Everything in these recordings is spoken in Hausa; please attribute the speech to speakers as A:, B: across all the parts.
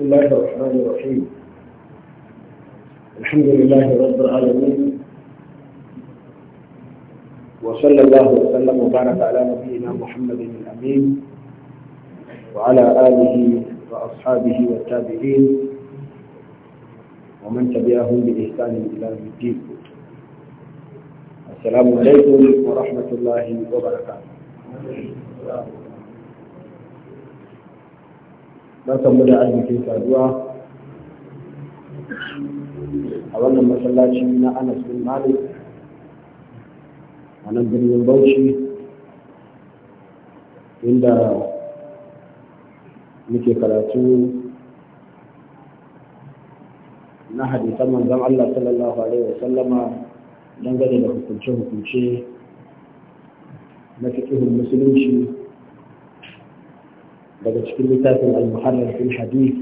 A: بسم الله الرحمن الرحيم الحمد لله رب العالمين وصلى الله وسلم وبارك على نبينا محمد الأمين وعلى آله وأصحابه والتابعين ومن تبعهم بإحسان إلى يوم الدين السلام عليكم ورحمة الله وبركاته barkan mu da arzikin saduwa a wannan masallaci na anas bin malik a nan birnin bauchi inda muke karatu na hadisan manzon Allah sallallahu alaihi wasallama dangane da hukunce-hukunce na fiƙihun musulunci بدأت cikin littafin al-muharrar fil hadith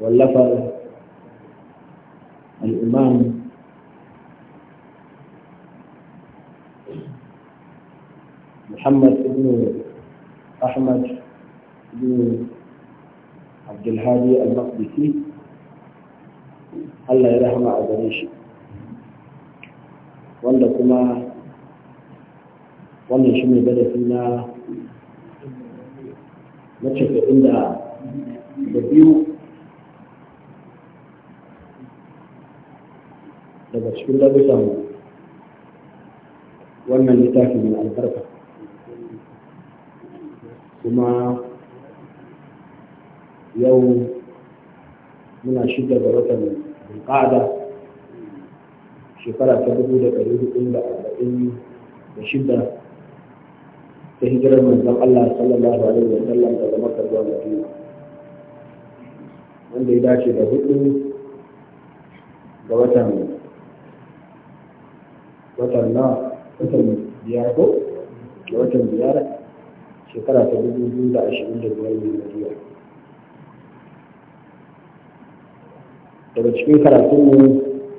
A: wallafa محمد بن أحمد بن عبد الهادي المقدسي الله يرحمه أبريشي وأنا كما وأنا شمي بدأ فينا na casa'in da biyu daga cikin labisan wannan littafi mai albarka kuma yau muna shida ga watan bulƙada shekara ta dubu da ɗari hudu da arba'in da shida ta hijirar manzon Allah sallallahu alaihi wa sallam daga Makka zuwa Madina wanda ya dace da hudu ga watan watan na watan biyar ko da watan biyar shekara ta dubu biyu da ashirin da biyar miliyar daga cikin karatunmu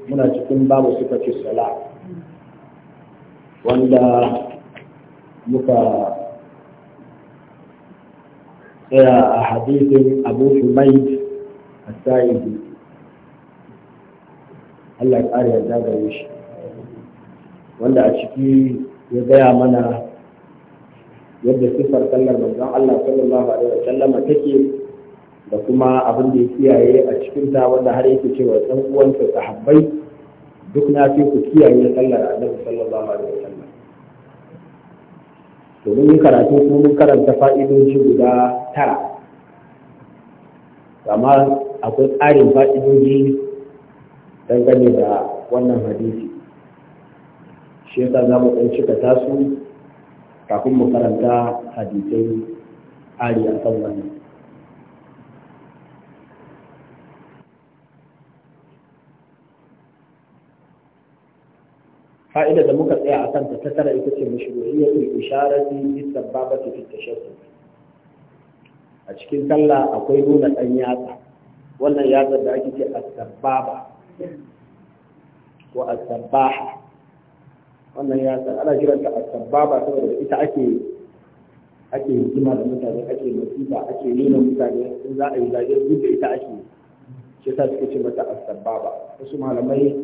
A: muna cikin babu suka sala wanda muka tsaya a hadisin abu shumaid a sa'idu Allah ya ƙara yarda gare shi wanda a ciki ya gaya mana yadda siffar sallar manzon Allah sallallahu alaihi wa sallama take da kuma abin da ya kiyaye a cikin ta wanda har yake cewa ɗan uwansa sahabbai duk na fi ku kiyaye sallar annabi sallallahu alaihi wa to mun yi karatu ko mun karanta fa'idoji guda tara amma akwai ƙarin fa'idoji dangane da wannan hadisi shi yasa za mu ɗan cika tasu kafin mu karanta hadisai ari a kan wannan fa'idar da muka tsaya a kanta ta tara ita ce mashru'iyyatul isharati bi sababati fi tashahhud a cikin sallah akwai nuna dan yatsa wannan yatsa da ake ce as-sababa ko as-sabaha wannan yatsa ana kiranta as-sababa saboda ita ake ake hikima da mutane ake masifa ake nuna mutane in za a yi zage duk da ita ake ce ta suke ce mata as-sababa wasu malamai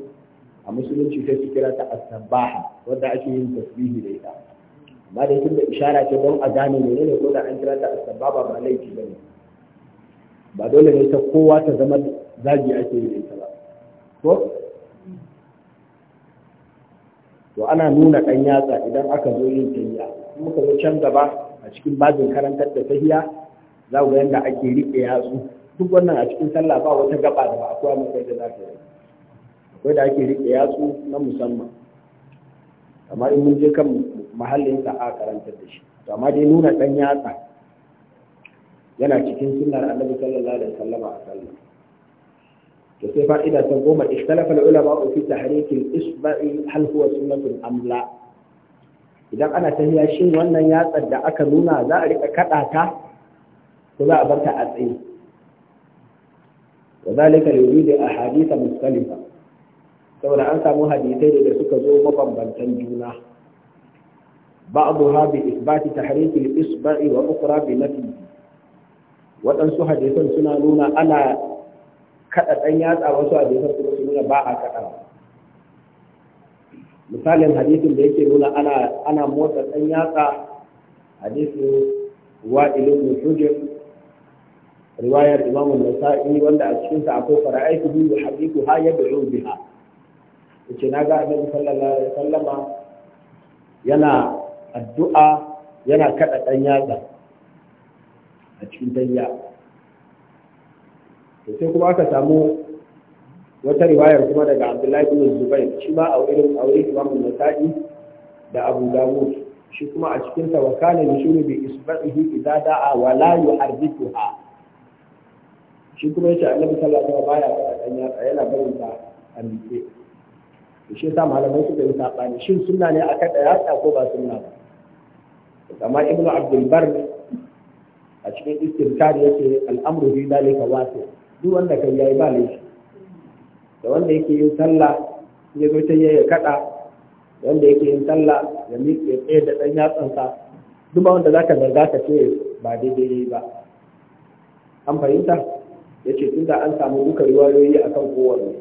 A: a musulunci sai su kira ta asabaha wanda ake yin tasbihi da ita amma da yake ishara ce don a gane ne ko da an kira ta asabaha ba laifi bane ba dole ne ta kowa ta zama zagi ake yi da ita ba ko to ana nuna ɗan yatsa idan aka zo yin tahiya kuma muka zo can gaba a cikin bajin karantar da tahiya za ku ga yadda ake riƙe yatsu duk wannan a cikin sallah ba wata gaba da ba akwai mun da za yi akwai da ake riƙe yatsu na musamman amma in mun je kan mahallinsa a karantar da shi to amma dai nuna ɗan yatsa yana cikin sunnar annabi sallallahu alaihi wasallam a sallah to sai fa'ida ta goma ikhtalafa al-ulama fi tahrik al-isba'i hal huwa sunnatun am la idan ana tafiya shin wannan yatsar da aka nuna za a rika kada ta ko za a bar ta a tsaye وذلك لوجود أحاديث مختلفة saboda an samu hadisai da suka zo mabambantan juna ba'dha bi isbati tahriki isbai wa ukra bi nafi waɗansu hadisan suna nuna ana kada dan yatsa wasu hadisan kuma su nuna ba a kada misalin hadisin da yake nuna ana ana motsa dan yatsa hadisin wa'ilun hujr riwayar imamu nasa'i wanda a cikin sa akwai fara'aitu bi hadithu ha yad'u biha yace na ga annabi sallallahu alaihi wasallama yana addu'a yana kada dan yatsa a cikin tayya to sai kuma aka samu wata riwayar kuma daga Abdullahi bin Zubair shi ma a wurin aure Imam Nasa'i da Abu Dawud shi kuma a cikin sa wakala yashuru bi isbahi idza da'a wa la yuharrikuha shi kuma yace Annabi sallallahu alaihi wasallam baya kada dan yatsa yana barin ta a miƙe shi sa malamai suka yi sabani shin suna ne aka ya yatsa ko ba suna ba kamar ibnu abdul bar a cikin istimkar yake al'amru fi dalika wasi duk wanda kan yayi ba laifi da wanda yake yin sallah ya zo ta ya kada wanda yake yin sallah ya miƙe tsaye da ɗan yatsansa duk ba wanda zaka zarga ka ce ba daidai ba an fahimta ya ce tunda an samu duka riwayoyi akan kowanne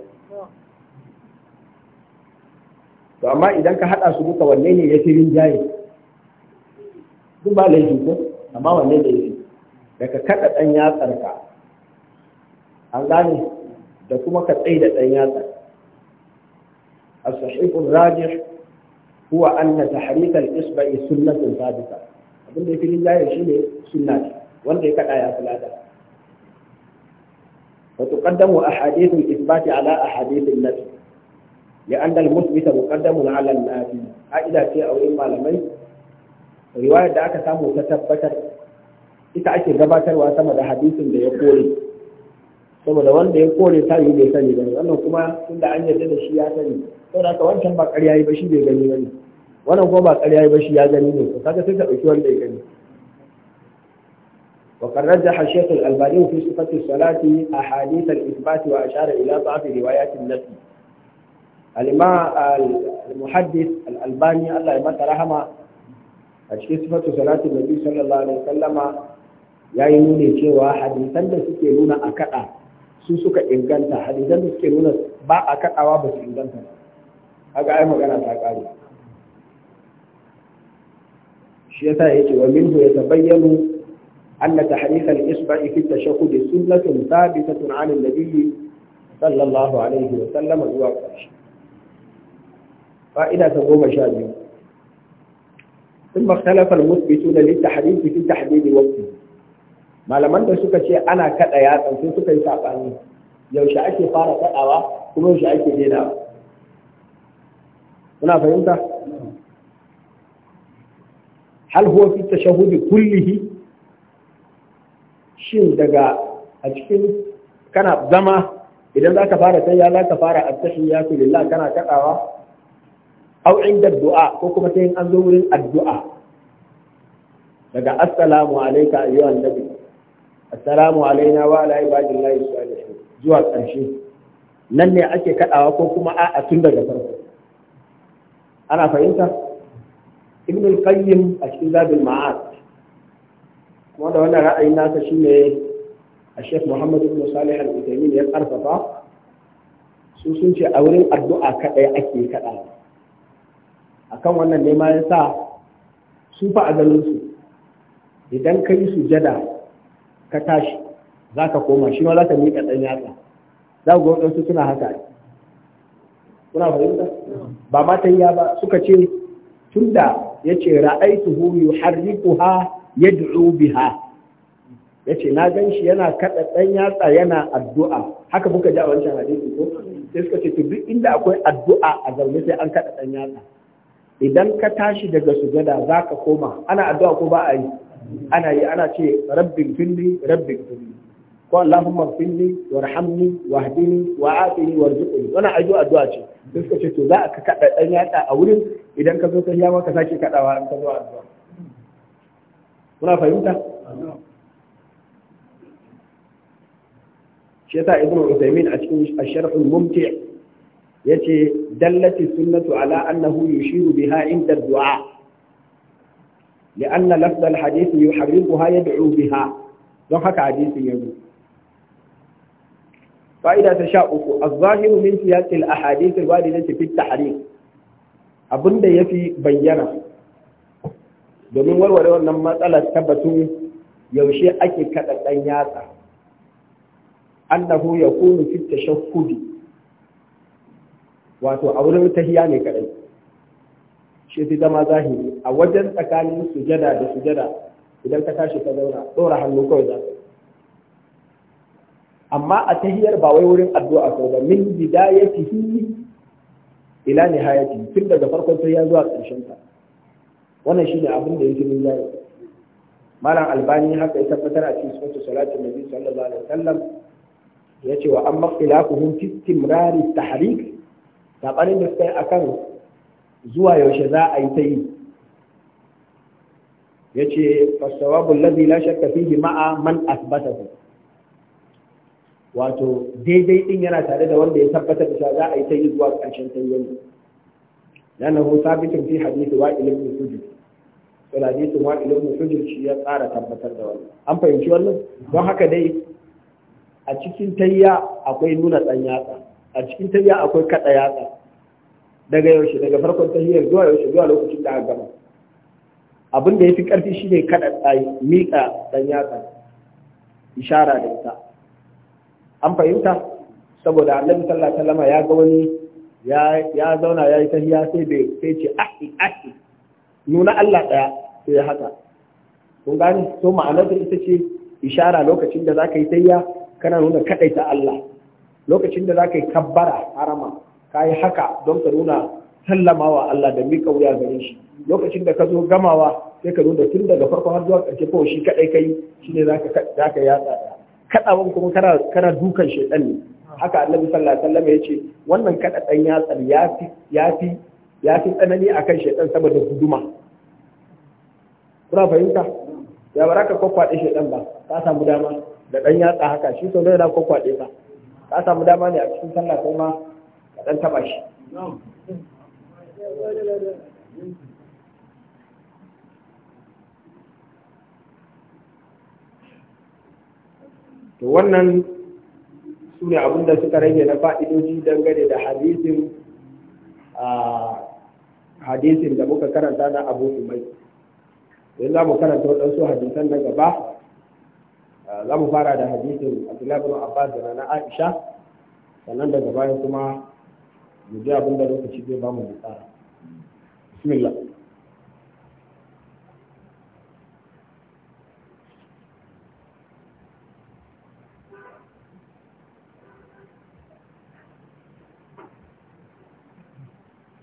A: to amma idan ka haɗa su duka wanne ne ya fi rinjaye duk ba laifi ko amma wanne ne ya daga kaɗa ɗan ka. an gane da kuma ka tsaye da ɗan yatsa as-sahihur rajih huwa anna tahrik al-isba'i sunnatun sabita abin da yake rinjaye shi ne sunna wanda ya kada ya fulada wa tuqaddamu ahadithu al-isbati ala ahadith an-nafi لأن المثبت مقدم على النافي قاعدة ce a wurin malamai riwayar da aka samu ta tabbatar ita ake gabatarwa sama da hadisin da ya kore saboda wanda ya kore ta yi bai sani bane wannan kuma tunda an yarda da shi ya sani saboda haka wancan ba ƙarya yi ba shi bai gani bane wannan kuma ba ƙarya yi ba shi ya gani ne to kaga sai ka ɗauki wanda ya gani وقد رجح الشيخ الألباني في صفة الصلاة أحاديث الإثبات وأشار إلى ضعف روايات النفي al-muhaddis al-albani Allah ya mata rahama a cikin sifatu salatu nabi sallallahu alaihi wasallama yayi nuni cewa hadisan da suke nuna a kada su suka inganta hadisan da suke nuna ba a kadawa ba su inganta kaga ai magana ta kare shi yasa yake wa minhu ya yatabayyanu anna tahrif al-isba' fi at-tashahhud sunnatun thabitatun 'ala an-nabi sallallahu alaihi wasallam zuwa ƙarshe fa'ida ta goma sha biyu ثم اختلف المثبتون للتحديد في تحديد وقته malaman da suka ce ana kada yatsan sai yi sabani yaushe ake fara kadawa kuma yaushe ake daina kuna fahimta hal huwa fi tashahhudi kullihi shin daga a cikin kana zama idan zaka fara sai ya zaka fara at-tahiyatu lillah kana kaɗawa? au inda du'a ko kuma sai an zo wurin addu'a daga assalamu alayka ayyuha nabi assalamu alaina wa ala ibadillahi salihin zuwa ƙarshe nan ne ake kadawa ko kuma a tun daga farko ana fahimta ibn al-qayyim a cikin zabil ma'ad kuma da wannan ra'ayin nasa shine a Sheikh Muhammad ibn Salih al-Utaymin ya karfafa su sun ce a wurin addu'a kadai ake kadawa akan wannan nema ya sa su fa a ganinsu idan ka yi sujada ka tashi za ka koma shi ma za ka miƙa ɗan yatsa za ku ga su suna haka kuna fahimta ba ma ta ya ba suka ce tun da ya ce ra'aituhu yuharrikuha yad'u biha ya ce na gan shi yana kaɗa ɗan yatsa yana addu'a haka muka ji a wancan hadisi ko sai suka ce to duk inda akwai addu'a a zaune sai an kaɗa ɗan yatsa idan ka tashi daga sujada za ka koma ana addu'a ko ba a yi ana yi ana ce rabbin filli rabbin filli ko allahumma filli warhamni wahdini wa'afini warzuqni wannan ajo addu'a ce sai suka ce to za ka kada dan yada a wurin idan ka zo ka yawa ka sake kadawa in ka zo addu'a kuna fahimta shi yasa ibnu usaymin a cikin asharhul mumti' yace dallati sunnatu ala annahu yushiru biha inda du'a لأن لفظ الحديث يحركها يدعو بها don haka hadisin ya zo fa'ida ta sha uku az-zahiru min siyaqil ahadith al-waridati fi at-tahrim abinda yafi bayyana domin warware wannan matsalar tabbatu yaushe ake kada yatsa annahu yakunu fi tashahhudi wato a wurin tahiya ne kadai shi zama zahiri a wajen tsakanin sujada da sujada idan ka tashi ka zauna ɗora hannu kawai za amma a tahiyar ba wai wurin addu'a ko ba min bidayatihi ila nihayati tun daga farkon tahiya zuwa karshen ta wannan shine abin da yake nuna zai malam albani haka ya tabbatar a cikin sunnatu Salatu nabi sallallahu alaihi wasallam yace wa amma khilafuhum fi istimrari tahrik saɓanin da suka yi akan zuwa yaushe za a yi ta yi ya ce fasawabun lazi la shakka fihi ma'a man asbatahu wato daidai din yana tare da wanda ya tabbata da za a yi ta yi zuwa ƙarshen ta yi lanahu sabitun fi hadisi wa ilmin sujud to hadisin wa ilmin sujud shi ya tsara tabbatar da wannan an fahimci wannan don haka dai a cikin tayya akwai nuna ɗan yatsa a cikin tahiya akwai kada yatsa daga yaushe daga farkon tahiyar zuwa yaushe zuwa lokacin da aka gama abin da yafi karfi shine kada tsayi miƙa dan yatsa ishara da ita an fahimta saboda annabi sallallahu alaihi wasallam ya ga wani ya zauna ya yi tahiya sai bai sai ce ahi ahi nuna Allah ɗaya sai ya haka kun gane so ma'anar ita ce ishara lokacin da zaka yi tahiya kana nuna kadaita Allah lokacin da za ka yi kabbara harama ka yi haka don ka nuna sallamawa Allah da miƙa wuya gare shi lokacin da ka zo gamawa sai ka nuna tun daga farko har zuwa ƙarshe kawai shi kaɗai kai shi ne za ka yatsa ɗaya kaɗawan kuma kana dukan shaiɗan ne haka annabi sallallahu alaihi wasallam ya ce wannan kaɗa ɗan yatsar ya fi ya fi tsanani akan shaiɗan saboda guduma kuna fahimta ya baraka kwakwaɗe shaiɗan ba ka samu dama da ɗan yatsa haka shi sau da yana kwakwaɗe ka ka samu dama ne a cikin sallah kai ma ka dan taba shi to wannan su ne abinda suka rage na fa'idoji dangane da hadisin hadisin da muka karanta na abu mai. yanzu za mu karanta waɗansu hadisan na gaba zamu fara da hadisin abdullahi bin abbas da Nana aisha sannan daga baya kuma mu ji abin da lokaci zai ba mu da tsara bismillah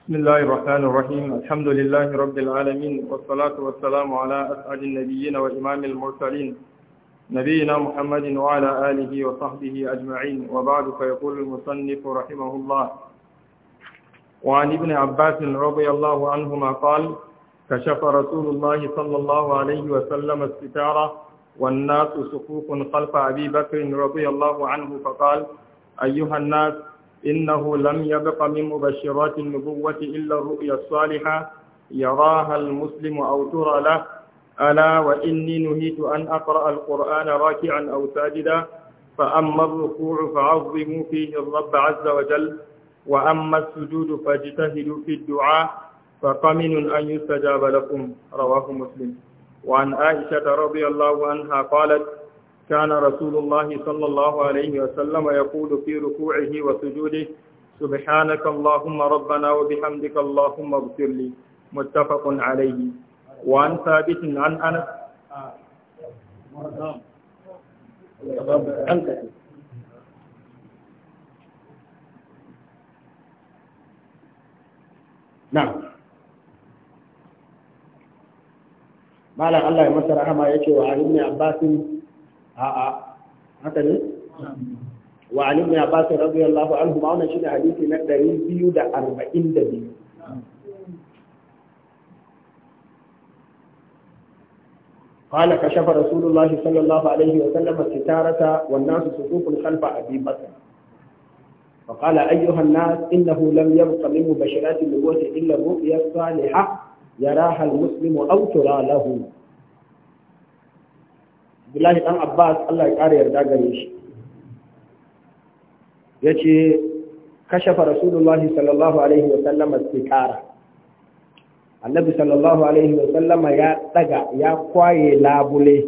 B: بسم الله الرحمن الرحيم الحمد لله رب العالمين والصلاة والسلام على أسعد النبيين وإمام المرسلين نبينا محمد وعلى آله وصحبه أجمعين وبعد فيقول المصنف رحمه الله وعن ابن عباس رضي الله عنهما قال كشف رسول الله صلى الله عليه وسلم الستارة والناس صفوف خلف أبي بكر رضي الله عنه فقال أيها الناس إنه لم يبق من مبشرات النبوة إلا الرؤيا الصالحة يراها المسلم أو ترى له ألا وإني نهيت أن أقرأ القرآن راكعا أو ساجدا فأما الركوع فعظموا فيه الرب عز وجل وأما السجود فاجتهدوا في الدعاء فقمن أن يستجاب لكم رواه مسلم وعن عائشة رضي الله عنها قالت كان رسول الله صلى الله عليه وسلم يقول في ركوعه وسجوده سبحانك اللهم ربنا وبحمدك اللهم اغفر لي متفق عليه وعن ثابت عن أنس نعم
A: malam Allah ya masa rahama yace, wa alim ne abbasin a a haka ne wa alim ne abbasin radiyallahu anhu ma wannan shine hadisi na 242 قال كشف رسول الله صلى الله عليه وسلم الستارة والناس صفوف خلف أبي بكر فقال أيها الناس إنه لم يبق من مبشرات النبوة إلا الرؤيا الصالحة يراها المسلم أو ترى له Abdullahi ɗan Abbas Allah ya ƙara yarda gare shi. Ya ce, Kashafa Rasulullah sallallahu Alaihi wasallama su ƙara. annabi sallallahu alaihi wa sallama ya daga ya kwaye labule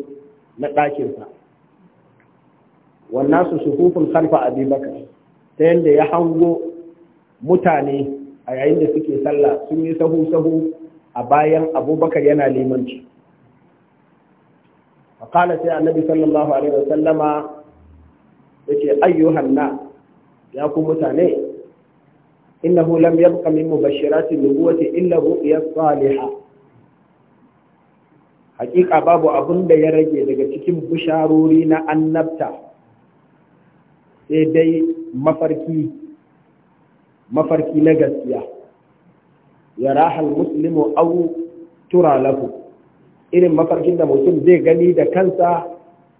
A: na ɗakinsa wannan su kalfa abi bakar ta yadda ya hango mutane a yayin da suke sallah sun yi sahu sahu a bayan abubakar yana limanci faƙala sai annabi sallallahu alaihi wa sallama ya ce ayyuhan na ya ku mutane إنه لم يبق من مبشرات النبوة إلا الرؤيا صالحة حقيقة باب أبن دا يرجي دا تكيم بشارورين أن نبتع سيدي مفركي مفركي نغسيا يراح المسلم أو ترى له irin مفركي da mutum zai gani da kansa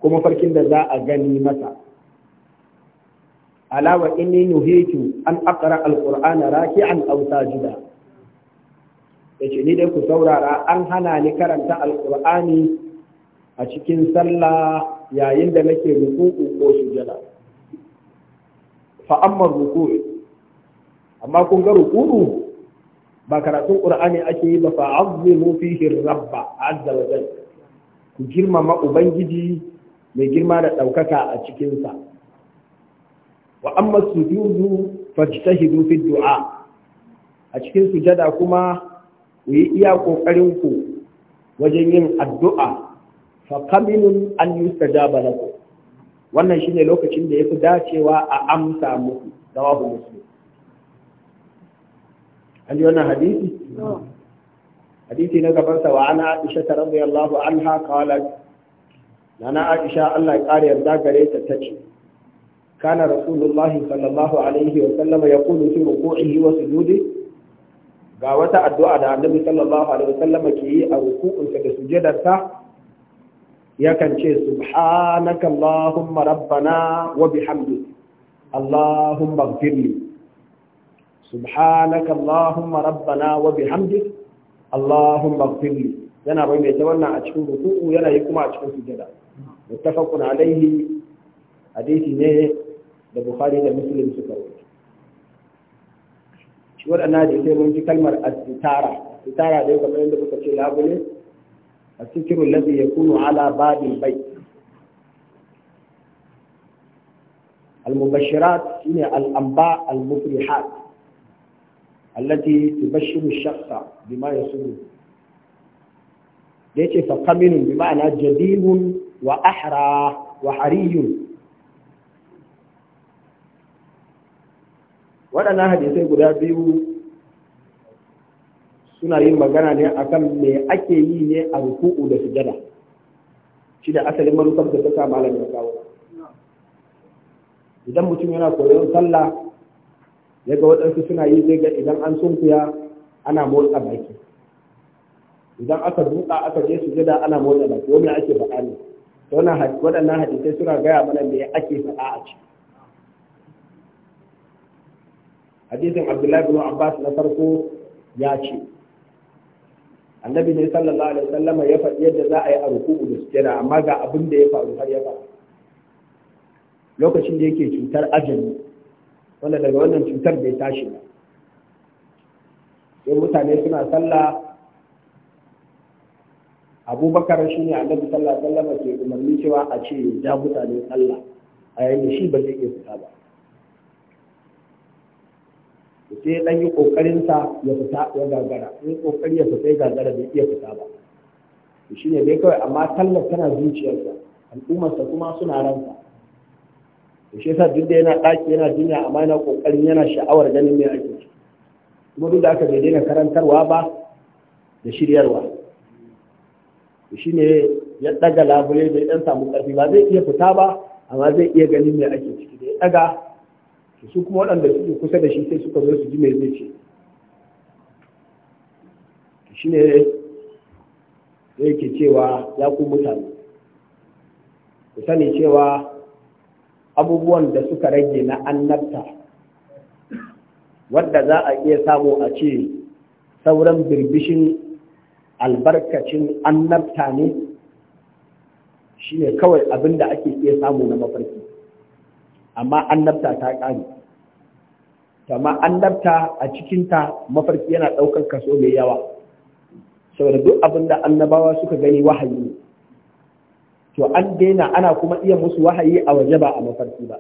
A: ko mafarkin da za a gani alawa inni nuhitu an aqra alqur'ana raki'an aw sajida yace ni dai ku saurara an hana ni karanta alqur'ani a cikin sallah yayin da nake ruku'u ko sujada fa amma ruku'u amma kun ga ruku'u ba karatun qur'ani ake yi ba fa azzimu fihi rabba azza wa jalla ku girmama ubangiji mai girma da ɗaukaka a cikinsa wa amma sujudu fajtahidu fi du'a a cikin sujada kuma ku yi iya kokarin ku wajen yin addu'a fa qabilun an yustajaba lakum wannan shine lokacin da yafi dacewa a amsa muku rawahu muslim an ji wannan hadisi hadisi na gaban sa wa ana aisha radiyallahu anha qalat nana aisha Allah ya kare yarda gare ta tace كان رسول الله صلى الله عليه وسلم يقول في ركوعه وسجوده ga wata addu'a da annabi sallallahu alaihi wasallama ke yi a ruku'unsa da sujadarsa yakan ce subhanaka allahumma rabbana wa bihamdik allahumma ighfirli subhanaka allahumma rabbana wa bihamdik yana bai mai ta wannan a cikin ruku'u yana yi kuma a cikin sujada muttafaqun alaihi hadisi ne da bukhari da muslim suka rubuta shi waɗannan da sai mun ji kalmar asitara asitara dai kamar yadda kuka ce labule asitiru alladhi yakunu ala al-mubashirat al-amba shine babil bait المبشرات هي الأنباء المفرحات التي تبشر الشخص بما يسره ليش jadidun wa ahra wa hariyun waɗannan hadisai guda biyu suna yin magana ne akan me ake yi ne a ruku'u da sujada shi da asalin manufar da ta sa malamin ya kawo idan mutum yana koyon sallah ya ga waɗansu suna yi zai ga idan an sunkuya ana motsa baki idan aka duka aka je sujada ana motsa baki wani ake faɗa ne waɗannan hadisai suna gaya mana me ake faɗa a ciki hadisin abdullahi bin abbas na farko ya ce annabi ne sallallahu alaihi wasallam ya faɗi yadda za a yi a ruku'u da sujjada amma ga abin da ya faru har ya faru lokacin da yake cutar ajali wanda daga wannan cutar bai tashi ba sai mutane suna sallah abubakar shi ne annabi sallallahu alaihi wasallam ke umarni cewa a ce ya ja mutane sallah a yayin da shi ba zai iya fita ba sai dan yi kokarin sa ya fita ya gagara in kokari ya fita ya gagara bai iya fita ba shi ne dai kawai amma kallar tana zuciyarsa al'ummarsa kuma suna ransa to shi yasa duk da yana ɗaki yana jinya amma yana kokarin yana sha'awar ganin me ake ci kuma duk da aka bai daina karantarwa ba da shiryarwa to shi ne ya ɗaga labule da ya samu karfi ba zai iya fita ba amma zai iya ganin me ake ciki da ya daga su kuma waɗanda suke kusa da shi sai suka zo su ji mai zai ce shi ne yake cewa ya ku mutane ku sani cewa abubuwan da suka rage na annabta wadda za a iya samu a ce sauran birbishin albarkacin annabta ne shi ne kawai abin da ake iya samu na mafarki amma annabta ta ƙare amma annabta a cikinta mafarki yana ɗaukar kaso mai yawa saboda duk abin da annabawa suka gani wahayi to an daina ana kuma iya musu wahayi a waje ba a mafarki ba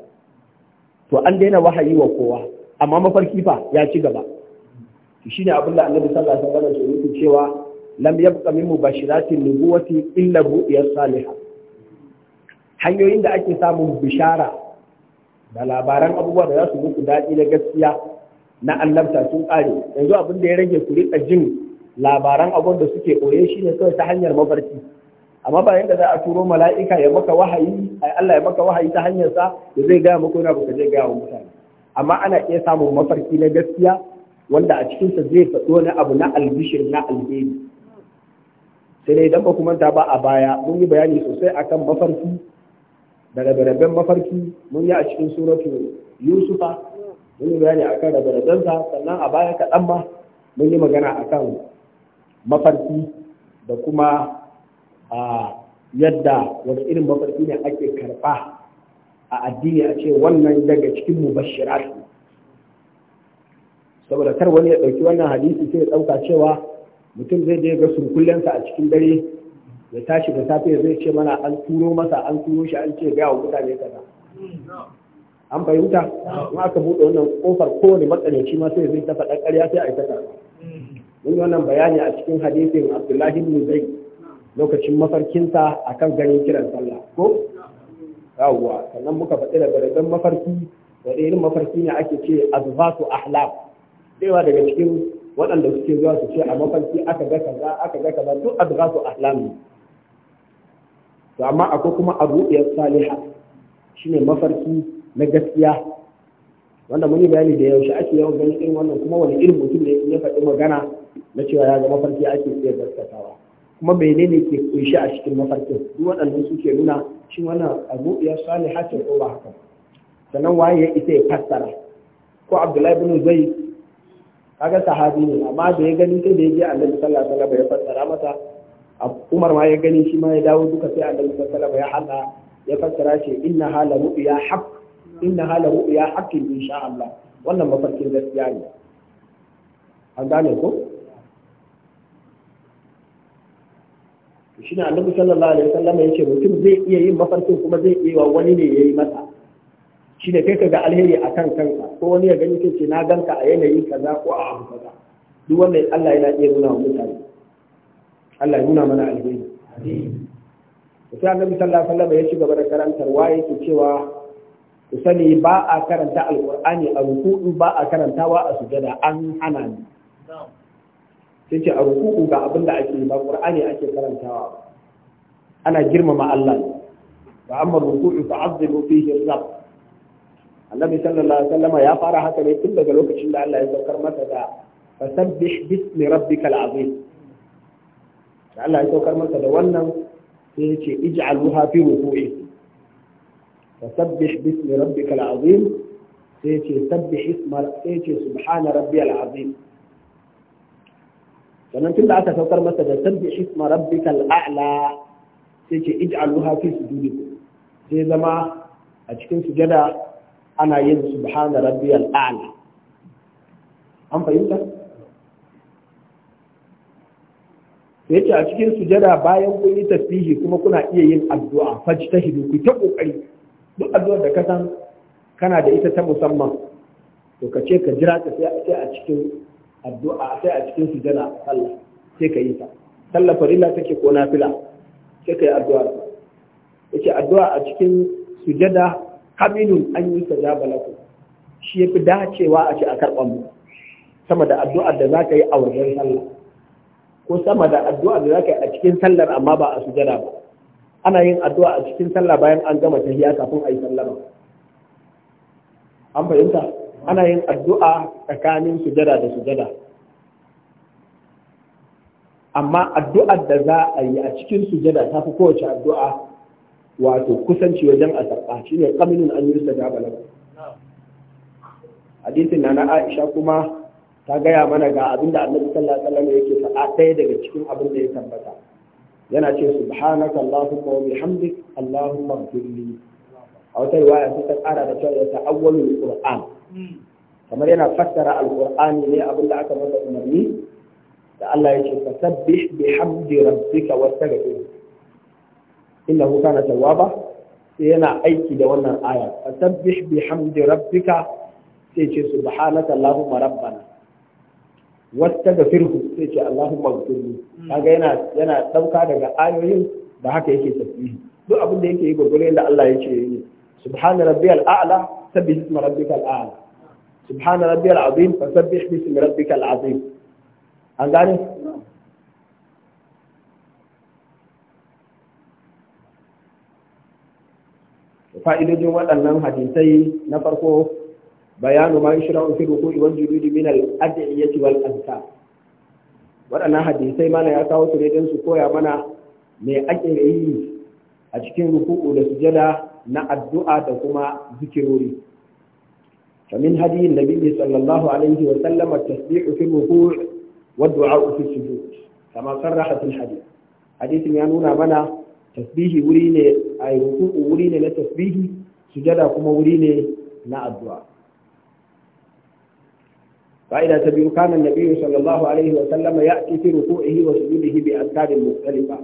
A: to an daina wahayi wa kowa amma mafarki fa ya ci gaba shine abin da annabi sallallahu alaihi wasallam ya rubuta cewa lam yabqa min mubashiratin nubuwati illa ru'ya salihah hanyoyin da ake samun bishara da labaran abubuwa da za su muku daɗi na gaskiya na annabta sun ƙare yanzu abin da ya rage ku riƙa jin labaran abin da suke koye shi ne kawai ta hanyar mafarki amma ba yanda za a turo mala'ika ya maka wahayi Allah ya maka wahayi ta hanyar sa da zai gaya maka yana baka zai gaya wa mutane amma ana iya samun mafarki na gaskiya wanda a cikin sa zai faɗo wani abu na albishir na alheri sai dai idan ba kuma ta ba a baya mun yi bayani sosai akan mafarki daga rabe mafarki mun yi a cikin suratu yusufa mun yi bayani akan rabe sa sannan a baya kaɗan ma mun yi magana akan mafarki da kuma a yadda wani irin mafarki ne ake karɓa a addini a ce wannan daga cikin mubashirat saboda kar wani ya ɗauki wannan hadisi sai ya ɗauka cewa mutum zai je ga sunkullensa a cikin dare ya tashi da safe zai ce mana an turo masa an turo shi an ce gaya wa mutane kaza an fahimta kuma aka buɗe wannan kofar kowane matsalaci ma sai zai ta faɗa ƙarya sai a yi ta mun yi wannan bayani a cikin hadisin abdullahi bin zai lokacin mafarkinsa akan ganin kiran sallah ko yawwa sannan muka faɗi da garagan mafarki da irin mafarki ne ake ce azbatu ahlam daiwa daga cikin waɗanda suke zuwa su ce a mafarki aka ga kaza aka ga kaza duk ahlam ne to amma akwai kuma Abu ya saliha shine mafarki na gaskiya wanda mun yi bayani da yaushe ake yawan ganin irin wannan kuma wani irin mutum ne ya faɗi magana na cewa ya ga mafarki ake iya gaskatawa kuma menene ke kunshi a cikin mafarkin duk waɗannan suke nuna shi wannan Abu ya saliha ce ko ba haka sannan waye ya isa ya fassara ko Abdullahi ibn Zaid kaga sahabi ne amma da ya gani sai da ya je Annabi sallallahu alaihi wasallam ya fassara masa Umar ma ya gani shi ma ya dawo duka sai Annabi sallallahu ya hada ya fassara shi inna hala ru'ya haqq inna hala ru'ya haqqin insha Allah wannan mafarkin gaskiya ne an gane ko shine Annabi sallallahu alaihi wasallam ya ce mutum zai iya yin mafarkin kuma zai iya wa wani ne yayi masa shine kai ka ga alheri a kan kanka ko wani ya gani kai ce na ganka a yanayi kaza ko a abu kaza duk wannan Allah yana iya nuna wa mutane Allah ya nuna mana alheri sai annabi sallallahu alaihi wasallam ya ci gaba da karantarwa yake cewa ku sani ba a karanta alqur'ani a ruku'u ba a karantawa a sujada an hana ni sai ce a ruku'u ga abin da ake ba qur'ani ake karantawa ana girmama Allah ne ba amma ruku'u fa azimu fihi rabb annabi sallallahu alaihi wasallam ya fara haka ne tun daga lokacin da Allah ya saukar masa da fasabbih bismi rabbikal azim da Allah ya saukar masa da wannan sai ya ce ij'aluha fi ruku'i fasabbih bismi rabbikal azim sai ya ce sabbih isma sai ya ce subhana rabbiyal azim sannan tun da aka saukar masa da sabbih isma rabbikal a'la sai ce ij'aluha fi sujudikum sai zama a cikin sujada ana yin subhana rabbiyal a'la an fahimta yace a cikin sujada bayan kun yi tasbihi kuma kuna iya yin addu'a fajtahidu ku ta kokari duk addu'ar da ka san kana da ita ta musamman to ka ce ka jira ka sai a cikin addu'a sai a cikin sujada sallah sai ka yi ta sallah farilla take ko nafila sai ka yi addu'a yace addu'a a cikin sujada kamilun an yi sajaba lakum shi yafi dacewa a ce a karban mu sama da addu'ar da za ka yi a wajen sallah ko sama da addu'a da zaka yi a cikin sallar amma ba a sujada ba ana yin addu'a a cikin sallah bayan an gama tahiyya kafin a yi sallama an fahimta ana yin addu'a tsakanin sujada da sujada amma addu'ar da za a yi a cikin sujada ta fi kowace addu'a wato kusanci wajen a sarƙa shi ne kaminin an yi sajaba lahu hadisin na na Aisha kuma ta gaya mana ga abin da annabi sallallahu alaihi wasallam yake faɗa ɗaya daga cikin abin da ya tabbata yana ce subhanaka allahumma wa bihamdik allahumma ighfirli a wata riwaya sai ta ƙara da cewa ya ta'awwalul qur'an kamar yana fassara alqur'ani ne abin da aka masa umarni da Allah ya ce ka fasabbih bihamdi rabbika wastaghfir innahu kana tawwaba sai yana aiki da wannan aya Ka fasabbih bihamdi rabbika sai ce subhanaka allahumma rabbana wata ga firhu sai ce Allahumma gfirli hmm. kaga yana yana dauka daga ayoyin da haka yake tasbihi duk abin da yake yi gurgurai da Allah ya ce yi ne subhana rabbiyal a'la sabbih isma rabbikal a'la subhana rabbiyal azim fasabbih bismi rabbikal azim an gane fa'idojin waɗannan hadisai na farko بيان ما يشرع في الوقوع والجلود من الأدعية والأذكار waɗannan hadisai mana ya kawo su ne don su koya mana me ake yi a cikin ruku'u da sujada na addu'a da kuma zikirori kamin hadiyin nabi sallallahu alaihi wa sallam at tasbihu fi ruku' wa du'a fi sujud kama sarraha fil hadith hadisi ya nuna mana tasbihi wuri ne ay ruku'u wuri ne na tasbihi sujada kuma wuri ne na addu'a فإذا تبيو كان النبي صلى الله عليه وسلم يأتي في ركوعه وسجوده بأذكار مختلفة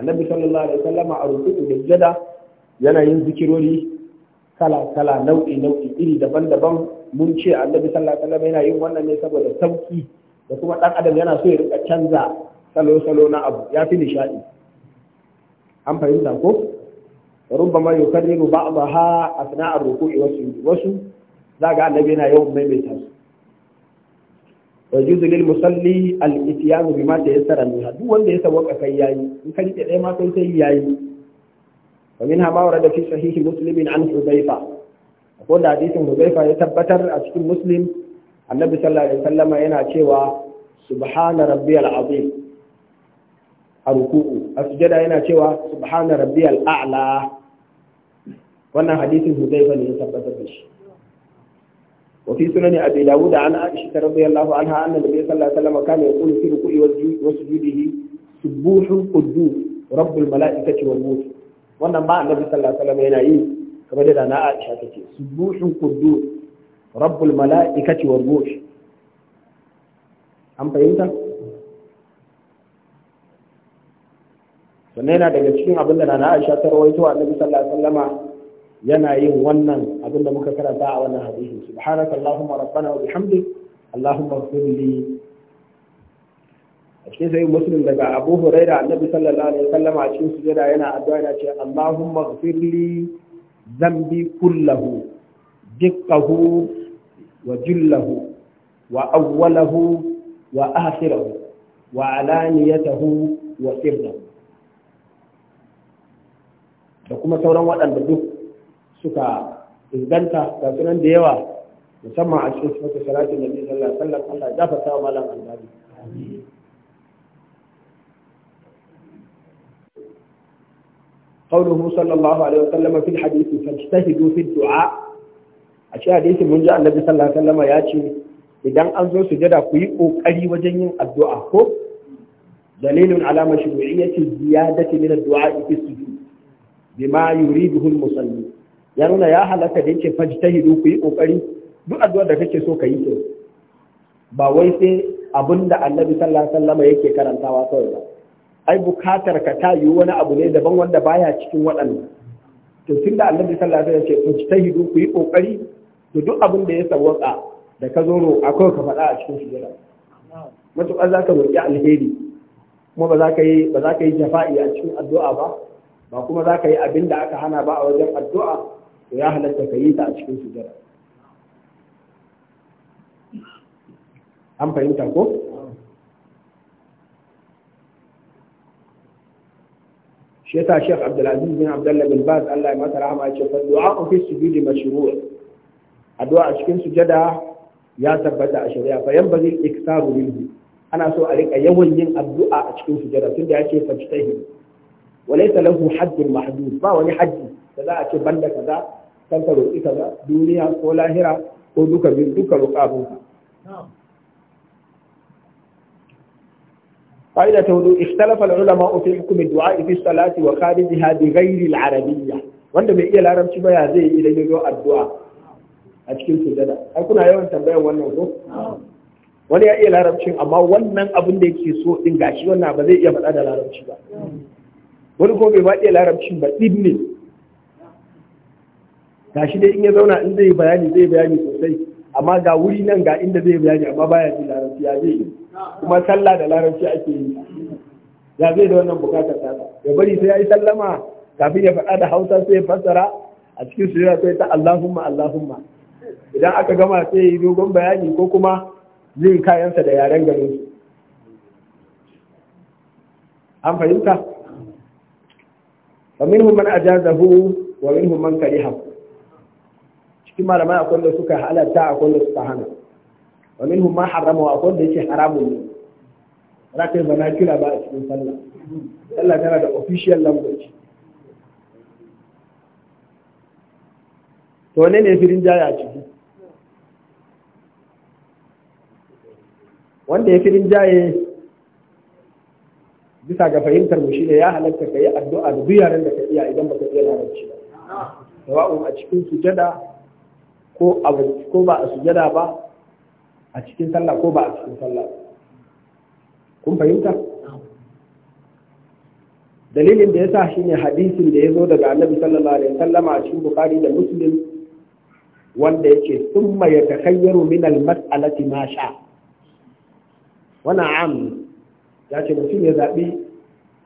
A: النبي صلى الله عليه وسلم أركوع الجدة ينا ينذكر zikirori kala-kala nau'i-nau'i iri daban-daban mun ce annabi sallallahu yana yin wannan ne saboda sauƙi. da kuma ɗan adam yana so ya rika canza salo-salo na abu ya fi nishaɗi, an fahimta ko rubbama yukarriru ba'daha asna'a ruku'i wasu wasu zaga na yawan maimaita su yajuzu lil musalli al itiyanu bima tayassara min duk wanda ya sawaka kai yayi in ka rike dai ma kai sai yayi wa min ma warada fi sahih muslim an hudayfa ko da hadisin hudayfa ya tabbatar a cikin muslim annabi sallallahu alaihi yana cewa subhana rabbiyal azim a ruku'u a yana cewa subhana rabbiyal a'la wannan hadisin hudayfa ne ya tabbatar da shi وفي سنن أبي داود عن عائشة رضي الله عنها أن النبي صلى الله عليه وسلم كان يقول في ركوعه وسجوده سبوح قدوس رب الملائكة والموت wannan ba annabi sallallahu alaihi wasallam yana yi kamar da na Aisha take subuhun qudus rabbul malaikati wal ruh an fahimta sannan yana daga cikin abinda da na Aisha ta rawaito annabi sallallahu alaihi wasallama yana yin wannan abinda muka karanta a wannan hadisi subhanaka allahumma rabbana wa bihamdik allahumma ighfir li a cikin sai muslim daga abu huraira annabi sallallahu alaihi wasallam a cikin sujada yana addu'a yana ce allahumma ighfir li dhanbi kullahu diqqahu wa jillahu wa awwalahu wa akhirahu wa alaniyatahu wa sirrahu da kuma sauran waɗanda duk suka inganta ga sunan da yawa musamman a cikin sifatu salatin nabi sallallahu alaihi wasallam Allah ya gafarta wa malam albani قوله صلى الله عليه وسلم في الحديث فاجتهدوا في الدعاء أشياء حديث من جاء النبي صلى الله عليه وسلم ياتي idan an zo sujada ku yi kokari wajen yin addu'a ko dalilun ala mashru'iyyati ziyadati min ad-du'a fi sujud bima al ya nuna ya halaka da yake hidu, ku yi kokari duk addu'ar da kake so ka yi ke ba wai sai abinda annabi sallallahu alaihi wasallam yake karantawa kawai ba ai bukatar ka ta yi wani abu ne daban wanda baya cikin waɗanda. to tun da annabi sallallahu alaihi wasallam ya ce hidu, ku yi kokari to duk abin da ya sawwaka da ka zo akwai kawai ka faɗa a cikin sujada matuƙar za ka roƙi alheri kuma ba za ka yi ba za ka yi jafa'i a cikin addu'a ba ba kuma za ka yi abin da aka hana ba a wajen addu'a to ya halatta ka yi ta a cikin sujada an fahimta ko shi yasa Sheikh Abdulaziz bin Abdullah bin Baz Allah ya masa rahama ya ce fa du'a fi sujudi mashru' addu'a a cikin sujada ya tabbata a shari'a fa yanbaghi iktaru minhu ana so a rika yawan yin addu'a a cikin sujada tunda ya ce fajtahi wa laysa lahu haddun mahdud ba wani haddi da za a ce banda kaza kan ka roƙi kaza duniya ko lahira ko duka biyu duka roƙa abin ka قاعدة هدو hukumin, du'a ifis salati wa kari jiha وخارجها gairi al'arabiyya. wanda bai iya larabci ba ya zai yi da yau addu'a a cikin sujada ai kuna yawan tambayar wannan ko wani ya iya larabcin amma wannan abin da yake so din gashi wannan ba zai iya faɗa da larabci ba wani ko bai ba iya larabcin ba ɗin ne ga shi dai in ya zauna in zai bayani zai bayani sosai amma ga wuri nan ga inda zai bayani amma baya ji larabci ya zai yi kuma sallah da larabci ake yi ya zai da wannan bukatar tasa ya bari sai ya yi sallama kafin ya faɗa da hausa sai ya fassara a cikin sujjada sai ta allahumma allahumma idan aka gama sai ya yi dogon bayani ko kuma zai kayansa da yaren garin su an fahimta fa minhum man ajazahu wa minhum man karihahu cikin malamai akwai da suka halatta akwai da suka hana wa minhum ma harrama akwai da yake haramun ne za ka yi vernacular ba a cikin sallah sallah tana da official language to ne ne firin jaya a ciki wanda ya firin jaye bisa ga fahimtar mu shine ya halatta ka yi addu'a da duk yaren da ka iya idan baka iya larabci ba sawa'un a cikin sujada ko a ko ba a sujada ba a cikin sallah ko ba a cikin sallah kun fahimta dalilin da ya sa shi ne hadisin da ya zo daga annabi sallallahu alaihi wasallam a cikin bukhari da muslim wanda yake summa yatakhayyaru min al-mas'alati ma sha wana am ya ce mutum ya zabi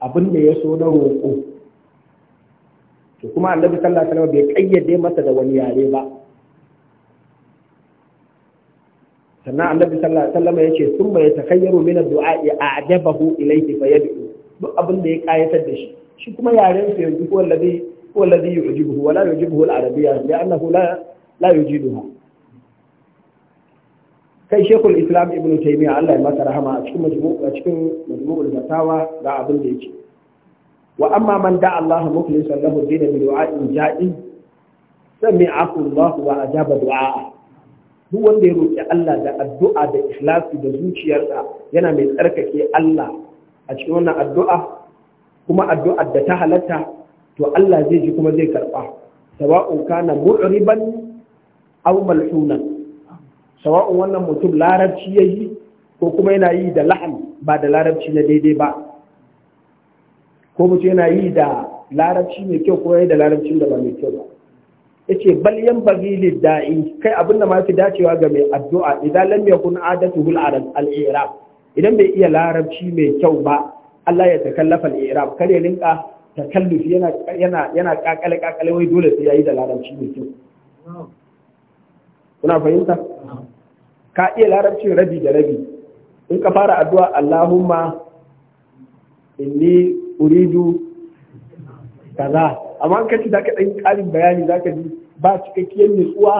A: abin da ya so na roƙo to kuma annabi sallallahu alaihi wasallam bai kayyade masa da wani yare ba sannan annabi sallallahu alaihi wasallam yace summa yatakhayyaru min ad-du'a'i a'jabahu ilayhi fayad'u duk abin da ya kayatar da shi shi kuma yaren sa yanzu ko alladhi ko alladhi yu'jibuhu wa la yu'jibuhu al-arabiyya li'annahu la la yujiduha kai shekul islam ibn taymiya Allah ya masa rahama a cikin majmu' a cikin majmu'ul fatawa ga abin da yake wa amma man da Allah mukhlishan lahu dinan bi du'a'in ja'in sami'ahu Allah wa ajaba du'a duk wanda ya roƙi Allah da addu'a da ikhlasi da zuciyarsa yana mai tsarkake Allah a cikin wannan addu'a kuma addu'ar da ta halatta to Allah zai ji kuma zai karɓa sawa'un kana mu'riban aw malhunan sawa'un wannan mutum larabci yayi ko kuma yana yi da la'an ba da larabci na daidai ba ko mutum yana yi da larabci mai kyau ko yayi da larabcin da ba mai kyau ba yace bal yanbaghi lidda'i kai abin da ma fi dacewa ga mai addu'a idan lam yakun adatuhu al-i'rab idan bai iya larabci mai kyau ba Allah ya takallafa al-i'rab kar ya rinka ta yana yana yana kakale kakale wai dole sai yayi da larabci mai kyau kuna fahimta ka iya larabci rabi da rabi in ka fara addu'a Allahumma inni uridu kaza amma ka ci zaka ɗan ƙarin bayani zaka ji ba cikakkiyar nutsuwa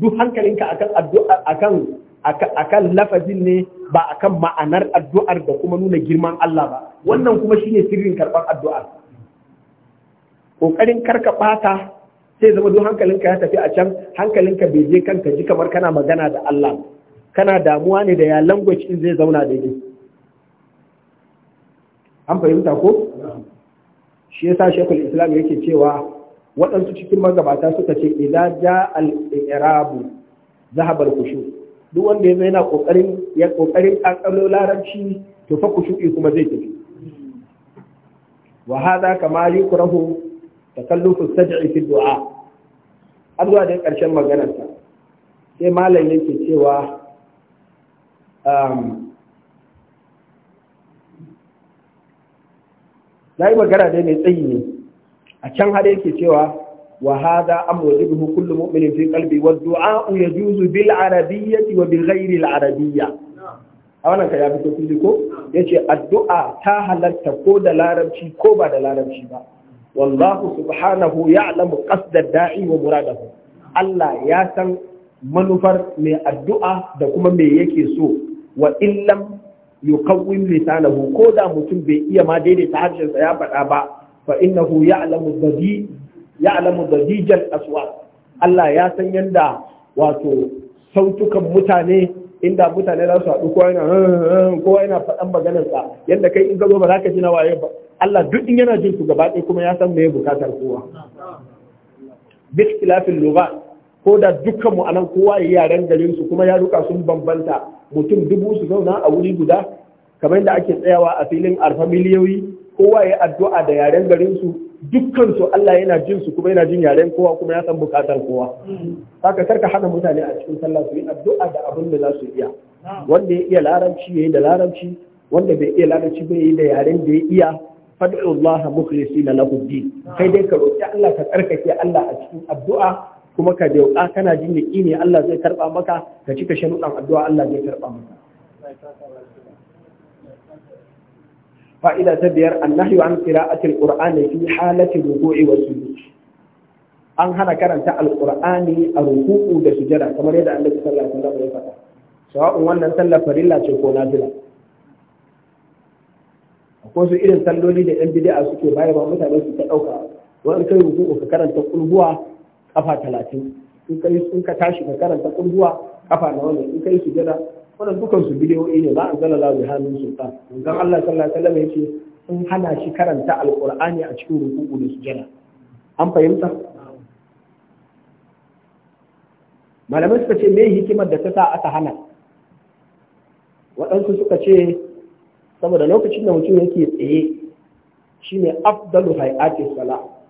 A: duk hankalinka akan addu'a akan akan lafazin ne ba akan ma'anar addu'ar da kuma nuna girman Allah ba wannan kuma shine sirrin karɓar addu'a kokarin karka bata sai zama duk hankalinka ya tafi a can hankalinka bai je kanka ji kamar kana magana da Allah kana damuwa ne da ya language in zai zauna da daidai an fahimta ko shi yasa shekul islam yake cewa waɗansu cikin magabata suka ce idan ja al-i'rabu zahabar kushu duk wanda ya yana kokarin ya kokarin larabci to fa kushu'i kuma zai tafi wa hada kama yukrahu takallufu sad'i fi du'a abuwa da karshen maganar sa sai malamin yake cewa um, na yi magana ne mai tsayi ne a can hada yake cewa wa hada amru yadhu kullu mu'minin fi qalbi wa du'a yajuzu bil arabiyyati wa bi ghairi al arabiyya a wannan ka ya fito fili ko yace addu'a ta halarta ko da larabci ko ba da larabci ba wallahu subhanahu ya'lamu qasda da'i wa muradahu Allah ya san manufar mai addu'a da kuma me yake so wa illam yuqawwim lisanahu ko da mutum bai iya ma daidaita harshen sa ya faɗa ba fa innahu ya'lamu dadi ya'lamu dadijal aswat Allah ya san yanda wato sautukan mutane inda mutane za su haɗu kowa yana kowa yana faɗan maganar sa yanda kai in gaba ba za ka ji na waye ba Allah duk in yana jin su gaba ɗaya kuma ya san me bukatar kowa bi ikhtilafil lughat ko da dukkan mu anan kowa ya yi yaren garinsu kuma yaruka sun bambanta mutum dubu su zauna a wuri guda kamar da ake tsayawa a filin alfamiliyoyi, miliyoyi kowa ya addu'a da yaren garinsu, dukkansu Allah yana jin su kuma yana jin yaren kowa kuma ya san bukatar kowa haka karka hana mutane a cikin sallah su yi addu'a da abin da za su iya wanda ya iya larabci yi da larabci wanda bai iya larabci bai yi da yaren da ya iya fad'ullaha Allah mukhlisina lahu din kai dai ka roki Allah ka tsarkake Allah a cikin addu'a kuma ka dauka kana jin yaki ne Allah zai karba maka ka cika sharuɗan addu'a Allah zai karba maka fa'ida ta biyar annahyu an qira'atil qur'ani fi halati ruku'i wa sujud an hana karanta alqur'ani a ruku'u da sujada kamar yadda Allah sallallahu alaihi wasallam ya faɗa sawa'un wannan sallar farilla ce ko nafila Akwai su irin salloli da yan bid'a suke bayarwa mutane su ta dauka wa in kai ruku'u ka karanta kulhuwa kafa talatin in kai sun ka tashi ka karanta kunduwa kafa na wannan in kai sujada wannan dukan su bidiyoyi ne ba a zala la bi hannun sultan dan Allah sallallahu alaihi wasallam yace sun hana shi karanta alqur'ani a cikin ruku'u da sujada an fahimta malamai suka ce me hikimar da ta sa aka hana waɗansu suka ce saboda lokacin da mutum yake tsaye shine afdalu hay'ati salat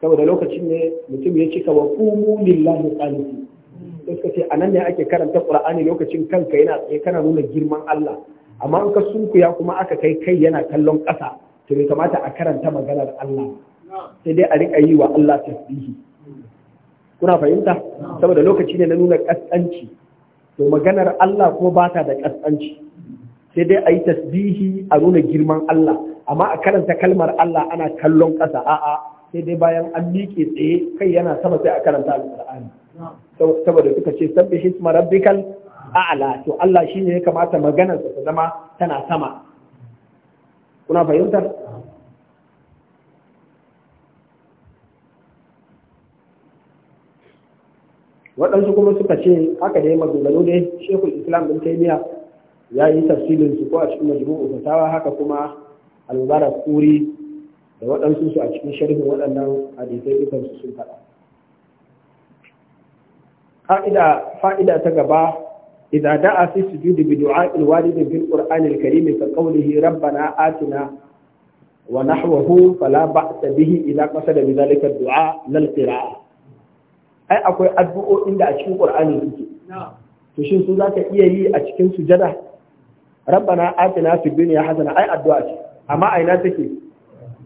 A: saboda lokacin ne mutum ya cika wa kumu lillahi qanitin to suka ce anan ne ake karanta qur'ani lokacin kanka yana tsaye kana nuna girman Allah amma in ka sunkuya kuma aka kai kai yana kallon ƙasa to bai kamata a karanta maganar Allah sai dai a rika yi wa Allah tasbihi kuna fahimta saboda lokaci ne na nuna kasanci to maganar Allah kuma ba ta da kasanci sai dai a yi tasbihi a nuna girman Allah amma a karanta kalmar Allah ana kallon ƙasa a'a sai dai bayan an miƙe tsaye kai yana sama sai a karanta alƙur'ani saboda suka ce sabbi hisma rabbikal a'la to Allah shine ya kamata maganar ta zama tana sama kuna fahimtar waɗansu kuma suka ce haka dai maganganu ne shekul islam ɗin taimiya ya yi tafsirin su ko a cikin majmu'u fatawa haka kuma al-mubarak kuri da waɗansu su a cikin sharhin waɗannan hadisai su sun faɗa fa'ida fa'ida ta gaba idan a fi sujudi bi du'a'il walidi bil qur'anil karim ka rabba rabbana atina wa nahwahu fala ba'sa bihi ƙasa da bi dhalika du'a lal qira'a ai akwai addu'o'in da a cikin qur'ani suke to shin su ka iya yi a cikin sujada rabbana atina fid dunya hasana ai addu'a ce amma aina take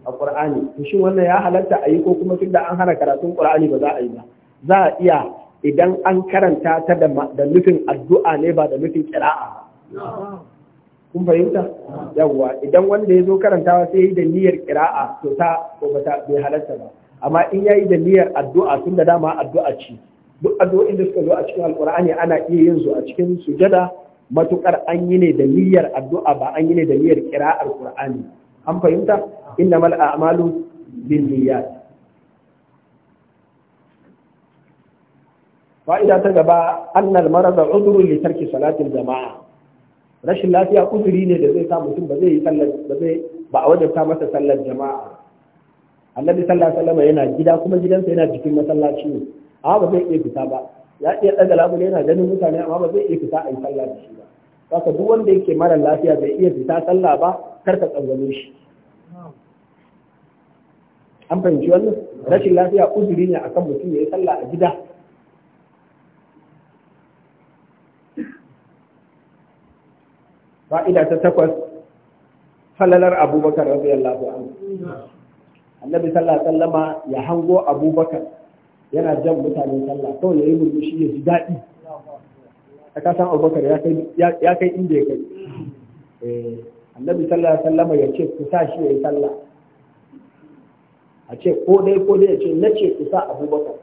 A: a Qur'ani to shin wannan ya halatta a yi ko kuma tunda an hana karatun Qur'ani ba za a yi ba za a iya idan an karanta ta da nufin addu'a ne ba da nufin kira'a kun fahimta yawwa idan wanda ya zo karantawa sai ya yi da niyyar kira'a to ta ko bata bai halatta ba amma in ya yi da niyyar addu'a tun da dama addu'a ce duk addu'o'in da suka zo a cikin alƙur'ani ana iya yin su a cikin sujada matukar an yi ne da niyyar addu'a ba an yi ne da niyyar ƙira'ar qur'ani an fahimta innamal a'malu binniyat fa'ida ta gaba annal marada udhrun li tarki salatin jama'a rashin lafiya uzuri ne da zai sa mutum ba zai a wajabta masa sallar jama'a annabi sallallahu alaihi yana gida kuma gidansa yana jikin masallaci ne amma ba zai iya fita ba ya iya daga labule yana ganin mutane amma ba zai iya fita a yi sallah da ba saka duk wanda yake mara lafiya bai iya fita sallah ba kar ka tsangwame shi an fahimci wannan rashin lafiya uzuri ne akan mutum ya yi sallah a gida fa'ida ta takwas falalar abubakar radiyallahu anhu annabi sallallahu alaihi wasallama ya hango abubakar yana jan mutane sallah to ya yi murmushi ya ji daɗi a san abubakar ya kai inda ya kai eh, annabi sallallahu alaihi wasallama ya ce ku sa shi ya yi sallah a ce ko dai ko dai ya ce na ce ku abubakar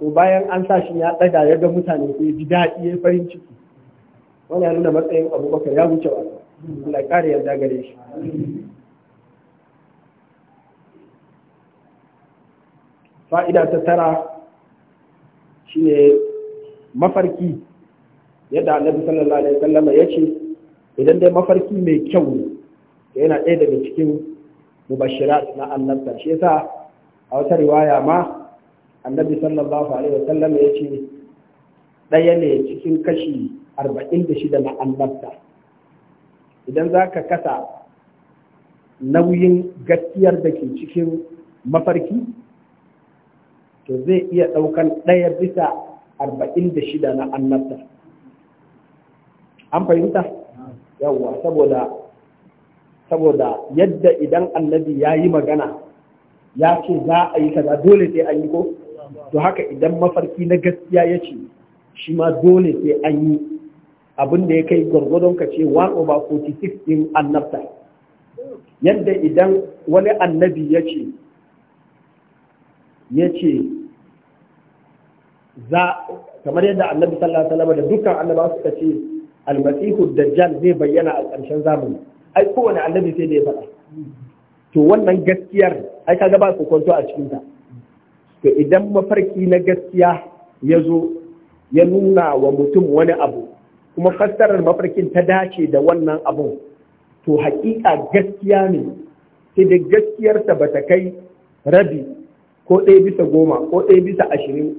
A: to bayan an sa shi ya ɗaga ya ga mutane ya ji daɗi ya farin ciki wani ya nuna matsayin abubakar ya wuce ba Allah ya yarda gare shi fa'ida ta tara shine mafarki yadda annabi sallallahu alaihi wasallam ya ce idan dai mafarki mai kyau ne yana ɗaya daga cikin mubashirat na annabta shi yasa a wata riwaya ma annabi sallallahu alaihi wasallam ya ce ɗaya ne cikin kashi arba'in da shida na annabta idan za ka kasa nauyin gaskiyar da ke cikin mafarki to zai iya ɗaukan ɗaya bisa arba'in da shida na annabta an fahimta yawwa saboda saboda yadda idan annabi ya yi magana ya ce za a yi kaza dole sai an yi ko to haka idan mafarki na gaskiya ya ce shi ma dole sai an yi abin da ya kai gwargwadon ka ce 1 over 46 din annabta yadda idan wani annabi ya ce ya ce za kamar yadda annabi sallallahu alaihi da dukkan annabawa suka ce almasihu dajjal zai bayyana a ƙarshen zamani ai kowane annabi sai da ya faɗa to wannan gaskiyar ai kaga ba ku kwanto a cikin ta to idan mafarki na gaskiya ya zo ya nuna wa mutum wani abu kuma fassarar mafarkin ta dace da wannan abun to haƙiƙa gaskiya ne sai da gaskiyarsa ba ta kai rabi ko ɗaya bisa goma ko ɗaya bisa ashirin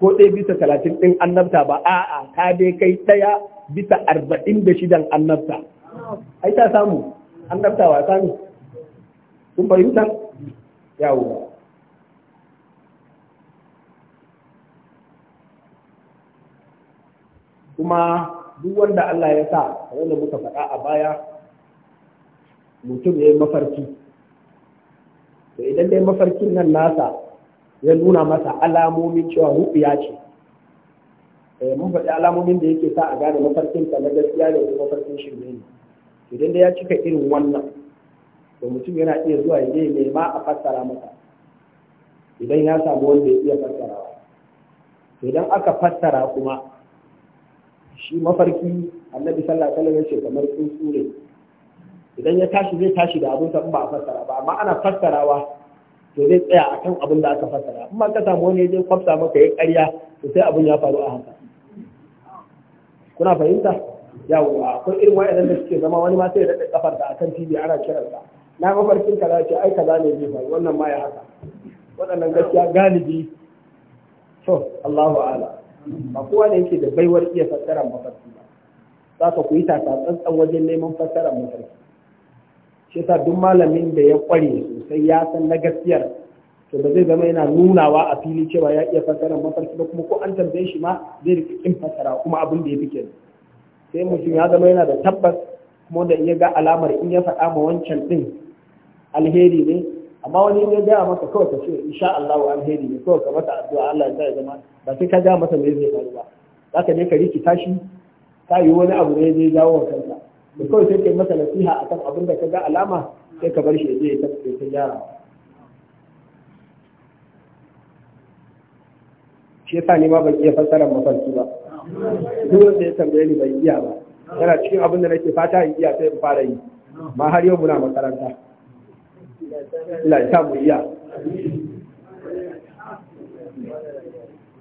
A: ko ɗaya bisa talatin ɗin annabta ba a'a ta dai kai ɗaya bisa arba'in da shidan annabta ai ta samu an ɗabta wasa ne sun fahimta yawo kuma duk wanda Allah ya sa wanda muka faɗa a baya mutum ya yi mafarki to idan dai mafarkin nan nasa ya nuna masa alamomin cewa ya ce eh, mun faɗi alamomin da yake sa a gane mafarkin ta na gaskiya da mafarkin shirme ne idan da ya cika irin wannan to mutum yana iya zuwa ya je nema a fassara mata idan ya samu wanda ya iya fassarawa to idan aka fassara kuma shi mafarki annabi sallallahu alaihi wasallam ce kamar tsuntsu ne idan ya tashi zai tashi da abin ba a fassara ba amma ana fassarawa to zai tsaya akan abin da aka fassara amma ka samu wani zai kwafsa maka ya ƙarya to sai abin ya faru a haka kuna fahimta yawwa akwai irin wa'annan da suke zama wani ma sai da kafar da akan TV ana kiransa na mafarkin karatu. ce ai kaza ne zai faru wannan ma ya haka waɗannan gaskiya galibi to Allahu a'ala ba kowa ne yake da baiwar iya fassarar mafarki ba za ka ku yi taka tsantsan wajen neman fassarar mafarki shi yasa duk malamin da ya ƙware sosai ya san na gaskiyar to ba zai zama yana nunawa a fili cewa ya iya fassarar mafarki ba kuma ko an tambaye shi ma zai rika kin fassara kuma abin da ya fi kenan sai mutum ya zama yana da tabbas kuma da iya ga alamar in ya faɗa ma wancan ɗin alheri ne amma wani ya gaya maka kawai ka ce insha Allah wa alheri ne kawai ka mata addu'a Allah ya zama ba sai ka gaya masa me zai faru ba za ka je ka rikita shi ka yi wani abu ne zai jawo kanka da kawai sai ka yi masa nasiha akan abin da ka ga alama sai ka bar shi ya je ya tafi ta gyara shi yasa ne ma ban iya fassara mafarki ba duk wanda ya tambaye ni bai iya ba yana cikin abin da nake fata in iya sai in fara yi ma har yau muna makaranta
B: ila ta mu iya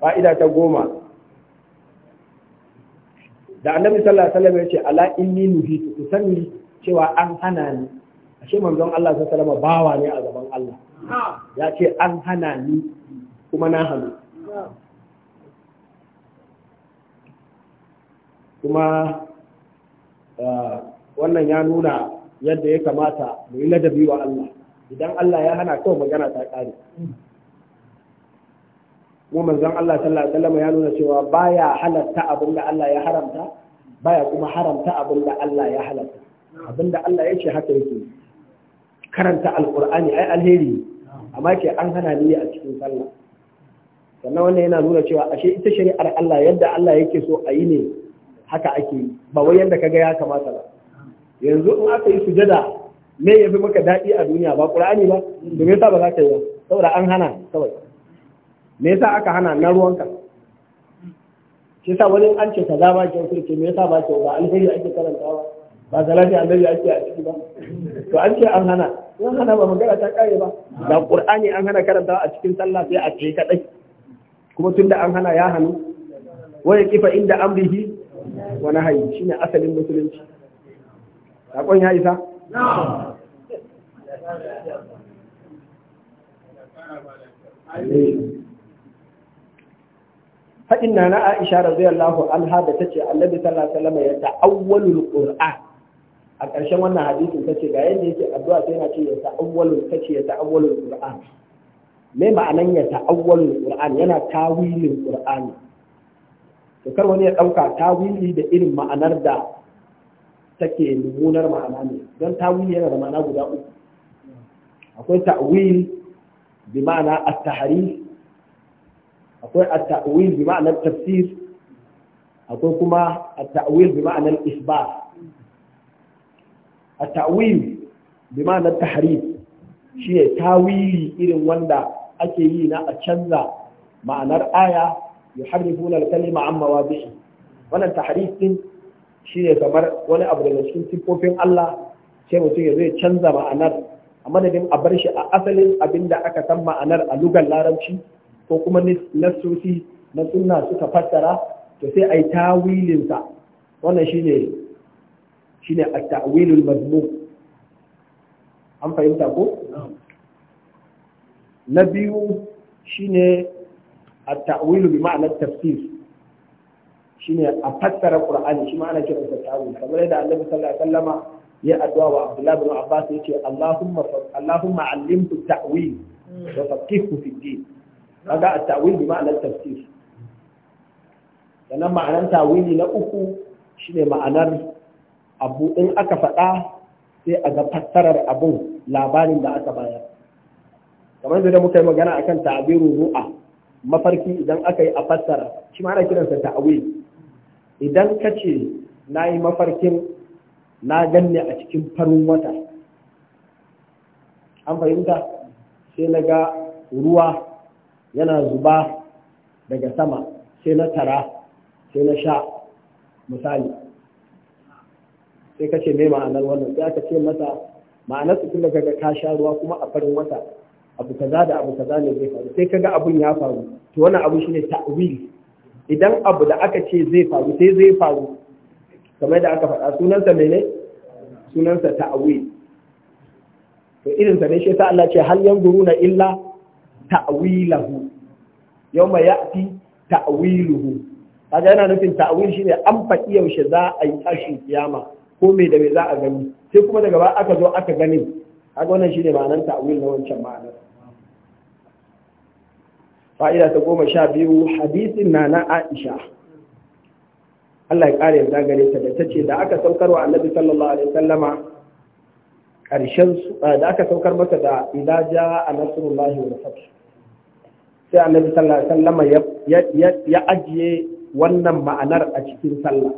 A: fa'ida ta goma da annabi sallallahu alaihi wasallam ya ce ala inni nuhitu ku sani cewa an hana ni ashe manzon Allah sallallahu alaihi wasallam bawa ne a gaban Allah ya ce an hana ni kuma na hanu kuma wannan ya nuna yadda ya kamata mu yi ladabi wa Allah idan Allah ya hana kawai magana ta ƙare kuma manzon Allah sallallahu alaihi wasallam ya nuna cewa baya halatta abin da Allah ya haramta baya kuma haramta abin da Allah ya halatta abin da Allah ya ce haka yake karanta alqur'ani ai alheri amma ke an hana ni a cikin sallah sannan wannan yana nuna cewa ashe ita shari'ar Allah yadda Allah yake so a yi ne haka ake yi ba wai yadda kaga ya kamata ba yanzu in aka yi sujada me yafi maka daɗi a duniya ba ƙur'ani ba da me yasa ba za ka yi ba saboda an hana kawai me yasa aka hana na ruwanka shi yasa wani an ce kaza ba ke sai ce me yasa ba ke ba alheri ake karanta ba ba salati annabi ake a ciki ba to an ce an hana an hana ba magana ta kare ba da ƙur'ani an hana karantawa a cikin sallah sai a ce kadai kuma tunda an hana ya hannu wa yaqifa inda amrihi wani hayi ne asalin musulunci sakon ya isa haɗin na na Aisha radiyallahu anha da ce Annabi sallallahu alaihi wasallam ya ta'awwalul Qur'an a ƙarshen wannan hadisin ce, ga yadda yake addu'a sai na ce ya ta'awwalul ce ya ta'awwalul Qur'an me ma'anan ya ta'awwalul Qur'an yana tawilin Qur'ani to kar wani ya ɗauka tawili da irin ma'anar da take mummunar ma'ana ne don tawili yana da ma'ana guda uku akwai ta'wil bi ma'ana at-tahrif akwai at-ta'wil bi ma'ana tafsir akwai kuma at-ta'wil bi ma'ana al-isbat at-ta'wil bi ma'ana at-tahrif shine tawili irin wanda ake yi na a canza ma'anar aya yuharrifuna al-kalima an mawadi'i wannan tahrif din shine kamar wani abu daga cikin sifofin Allah sai mutum ya zai canza ma'anar a madadin a bar shi a asalin abin da aka san ma'anar a lugar larabci ko kuma nassosi na sunna suka fassara to sai a yi tawilinsa wannan shine shine at-ta'wilul mazmum an fahimta ko na biyu shine at-ta'wilu bi ma'ana tafsir a fassara qur'ani shi ma'ana kiran sa ta'wil kamar yadda annabi sallallahu alaihi wasallama ya addu'a wa abdullah bin abbas yace allahumma allahumma 'allimhu at-ta'wil wa faqihhu fi sannan ma'anar tawili na uku ne ma'anar abu in aka faɗa sai a ga fassarar abun labarin da aka bayar kamar da muka yi magana akan ta'abiru ru'a mafarki idan aka yi a fassara shi ma ana kiransa ta'awil idan ka ce na yi mafarkin na ganne a cikin farin wata an fahimta sai na ga ruwa yana zuba daga sama sai na tara sai na sha misali sai ka ce mai ma'anar wannan sai aka ce masa ma'anar su tun daga ka sha ruwa kuma a farin wata abu kaza da abu kaza ne zai faru sai kaga abun ya faru to wannan abu shine ta'wil idan abu da aka ce zai faru sai zai faru kamar da aka faɗa sunansa mene sunansa ta'wil to irin sa ne shi sa Allah ce hal yanzuruna illa ta'wilahu yawma ya'ti ta'wiluhu kaga yana nufin ta'wil shine an faɗi yaushe za a yi tashin kiyama ko me da me za a gani sai kuma daga ba aka zo aka gani haka wannan shine ma'anar ta'awil na wancan ma'anar fa'ida ta goma sha biyu hadisin na na Aisha Allah ya kare yarda gare ta da ce da aka saukar wa Annabi sallallahu alaihi wasallama karshen da aka saukar masa da idza jaa nasrullahi wa fath sai Annabi sallallahu alaihi wasallama ya ajiye wannan ma'anar a cikin sallah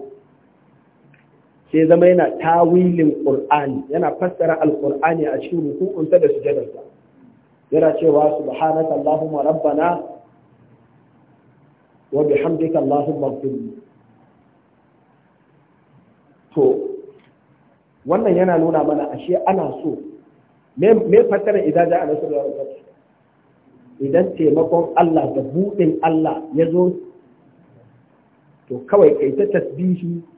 A: sai zama yana tawilin qur'ani yana fassara Alƙur'ani a cikin ruku'unsa da sujadarsa yana cewa subhanaka allahumma rabbana wa bihamdika allahumma ighfirli to wannan yana nuna mana ashe ana so me fassara idan ja'a nasrullah idan taimakon Allah da buɗin Allah ya zo to kawai kai ta tasbihi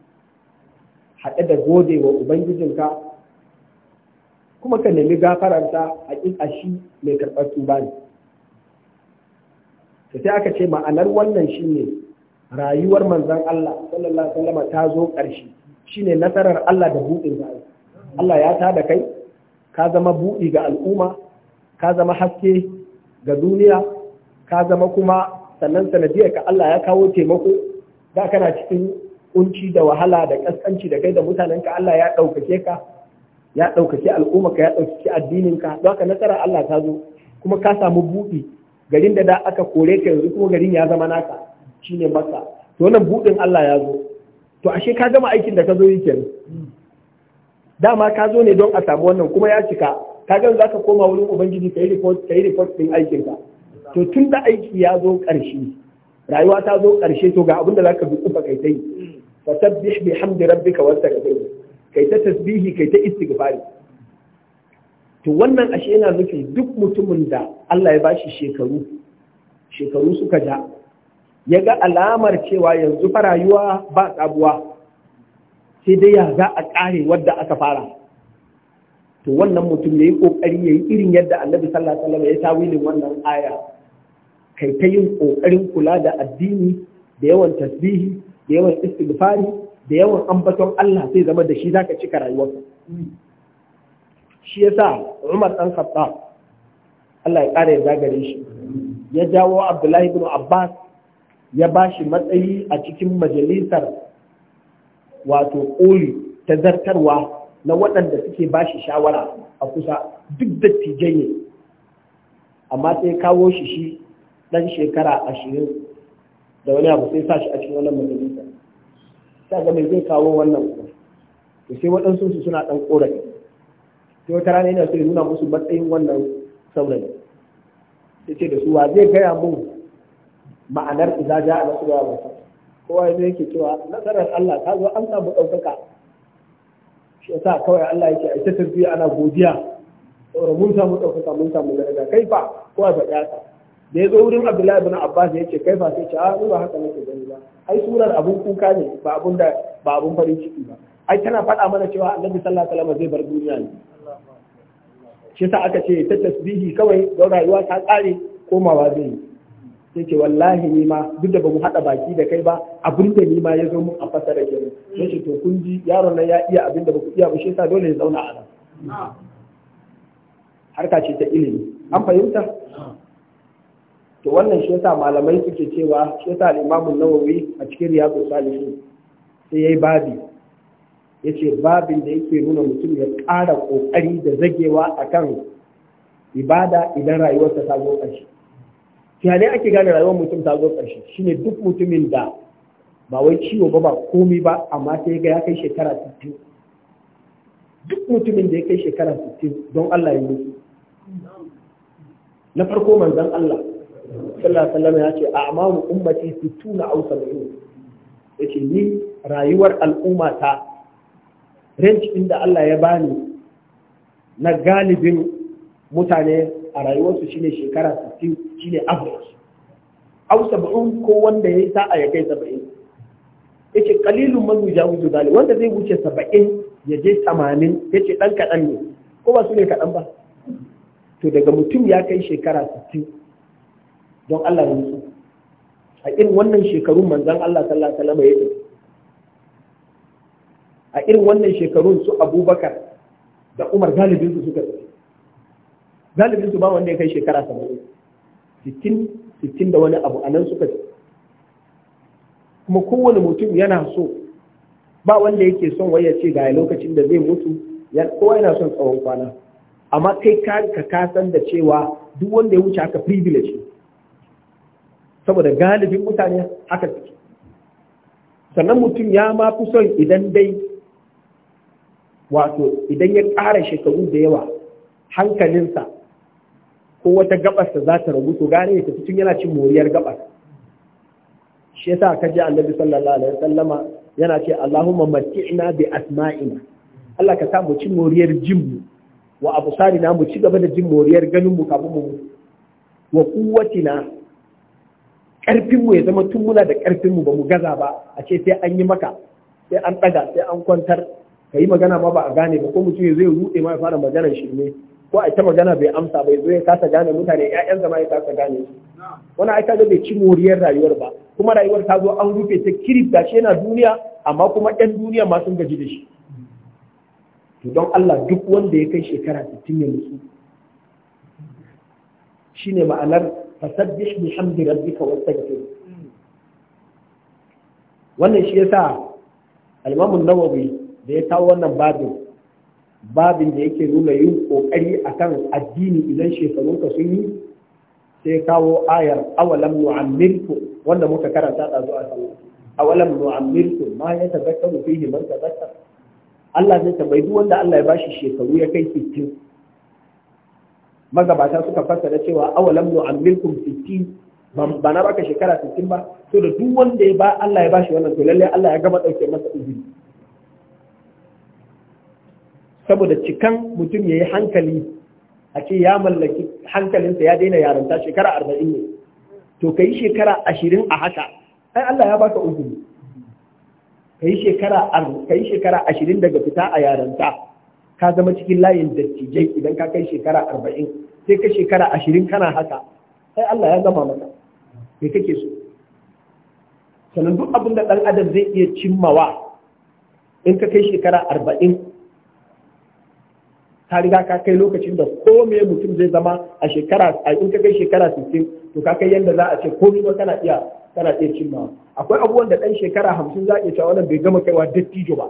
A: haɗe da gode wa ubangijinka kuma ka nemi gafararsa a shi mai karɓar tuba ne Ka sai aka ce ma'anar wannan shine rayuwar manzan Allah sallallahu alaihi ta zo ƙarshe shine nasarar Allah da buɗin zai Allah ya tada kai ka zama buɗi ga al'umma ka zama haske ga duniya ka zama kuma sannan sanadiyar ka Allah ya kawo taimako da kana cikin kunci da wahala da kaskanci da kai da mutanenka Allah ya ɗaukake ka ya ɗaukake al'ummarka ya ɗaukake addininka don haka nasara, Allah ta zo kuma ka samu buɗi garin da da aka kore ka yanzu kuma garin ya zama naka shine maka to wannan buɗin Allah ya zo to ashe ka gama aikin da ka zo yi kenan dama ka zo ne don a samu wannan kuma ya cika ka ga za ka koma wurin ubangiji ka yi report ka yi report din aikinka to tun da aiki ya zo ƙarshe rayuwa ta zo ƙarshe to ga abin da zaka ba kai ta yi fa sabbih bihamdi rabbika wastaghfirhu kai ta tasbihi kai ta istighfari to wannan ashe yana nufin duk mutumin da Allah ya bashi shekaru shekaru suka ja ya ga alamar cewa yanzu fa rayuwa ba tsabuwa sai dai ya za a ƙare wadda aka fara to wannan mutum ya yi ƙoƙari ya yi irin yadda annabi sallallahu alaihi wasallam ya tawilin wannan aya kai ta yin ƙoƙarin kula da addini da yawan tasbihi da yawan istighfari da yawan ambaton Allah sai zama da shi zaka cika rayuwarka shi yasa Umar dan Khattab Allah ya kare yarda gare shi ya jawo Abdullahi ibn Abbas ya bashi matsayi a cikin majalisar wato koli ta zartarwa na waɗanda suke ba shi shawara a kusa duk dattijai ne amma sai kawo shi shi dan shekara ashirin da wani abu sai sa shi a cikin wannan majalisa sai ga mai zai kawo wannan ku. to sai waɗansu su suna ɗan ƙorafi sai wata rana yana so ya nuna musu matsayin wannan saurayi ya ce da su wa zai gaya mun ma'anar idza a nasrullahi wa fath kowa ya yake cewa nasarar Allah ta zo an samu ɗaukaka shi yasa kawai Allah yake aita ta tarbiyya ana godiya saboda mun samu ɗaukaka mun samu daraja kai fa kowa ba ya ta da ya zo wurin abdullahi ibn abbas ya ce kai fa sai ce a ah, ni ba haka nake gani ba ai surar abun kuka ne ba abun da ba abun farin ciki ba ai tana faɗa mana cewa annabi sallallahu alaihi wasallam zai bar duniya ne shi sa aka ce ta tasbihi kawai don rayuwa ta tsare komawa zai sai ce wallahi ni ma duk da bamu haɗa baki da kai ba abun da ni ma ya zo mun a fasara kenan ya to kun ji yaron nan ya iya abinda da ba ku iya ba shi sa dole ya zauna a nan harka ce ta ilimi an fahimta to wannan shi yasa malamai suke cewa shi yasa al imamu nawawi a cikin Riyadu Salihin sai yayi babi yace babin da yake nuna mutum ya ƙara kokari da zagewa akan ibada idan rayuwarsa ta zo ƙarshe ya ne ake gane rayuwar mutum ta zo ƙarshe shine duk mutumin da ba wai ciwo ba ba komai ba amma sai ga ya kai shekara 60 duk mutumin da ya kai shekara 60 don Allah ya yi na farko manzon Allah sallallahu alaihi ya ce a'malu ummati sittuna aw sab'un yace ni rayuwar al'umma ta range inda Allah ya bani na galibin mutane a rayuwarsu shine shekara 60 shine average sab'un ko wanda yayi sa'a ya kai 70 yace qalilun man yujawizu wanda zai wuce 70 ya je 80 yace dan kadan ne ko ba su ne kadan ba to daga mutum ya kai shekara 60 don Allah ya nutsu a irin wannan shekarun manzan Allah sallallahu alaihi wasallam ya tafi a irin wannan shekarun su Abubakar da Umar galibin su suka tafi galibin su ba wanda ya kai shekara 70 60 sittin da wani abu anan suka tafi kuma kowane mutum yana so ba wanda yake son waya ce ga lokacin da zai mutu kowa yana son tsawon kwana amma kai ka ka san da cewa duk wanda ya wuce haka privilege saboda galibin mutane haka suke sannan mutum ya ma fi son idan dai wato idan ya ƙara shekaru da yawa hankalinsa ko wata gabasa za ta rabu, to gane ya tafi tun yana cin moriyar gabas shi yasa ka ji annabi sallallahu alaihi wasallama yana ce Allahumma mati'na bi asma'ina Allah ka sa mu ci moriyar jinmu wa abusarina mu ci gaba da jin moriyar ganin mu kafin mu wa kuwatina ƙarfinmu ya zama tun muna da ƙarfinmu ba mu gaza ba a ce sai an yi maka sai an ɗaga sai an kwantar ka yi magana ma ba a gane ba ko mutum ya zai ruɗe ma ya fara maganar shi ne? ko a ta magana bai amsa bai zo ya kasa gane mutane yayan zama ya kasa gane wani ai kaga bai ci moriyar rayuwar ba kuma rayuwar ta zo an rufe ta kirif shi yana duniya amma kuma ɗan duniya ma sun gaji da shi to don Allah duk wanda ya kai shekara 60 ya mutu shine ma'anar fasabbih bihamdi rabbika wastaghfir wannan shi yasa al-Imam an-Nawawi da ya kawo wannan babin babin da yake nuna yin kokari akan addini idan shekarunka sun yi sai kawo ayar awalam nu'ammirku wanda muka karanta da zuwa sallah awalam nu'ammirku ma ya tazakkaru fihi man tazakkar Allah zai tabbai duk wanda Allah ya bashi shekaru ya kai 60 magabata suka fassara cewa awalam nu'ammilkum 60 ba bana baka shekara 60 ba to da duk wanda ya ba Allah ya bashi wannan to lalle Allah ya gama dauke masa izini saboda cikan mutum yayi hankali a ce ya mallaki hankalinsa ya daina yaranta shekara 40 ne to kai shekara 20 a haka ai Allah ya baka izini kai shekara kai shekara 20 daga fita a yaranta ka zama cikin layin dattijai idan ka kai shekara arba'in sai ka shekara ashirin kana haka sai Allah ya gama maka me kake so sannan duk abin da ɗan adam zai iya cimmawa in ka kai shekara arba'in ka riga ka kai lokacin da ko me mutum zai zama a shekara a in ka kai shekara sittin to ka kai yadda za a ce komai ba kana iya kana iya cimmawa akwai abubuwan da ɗan shekara hamsin za a iya cewa wannan bai gama kaiwa dattijo ba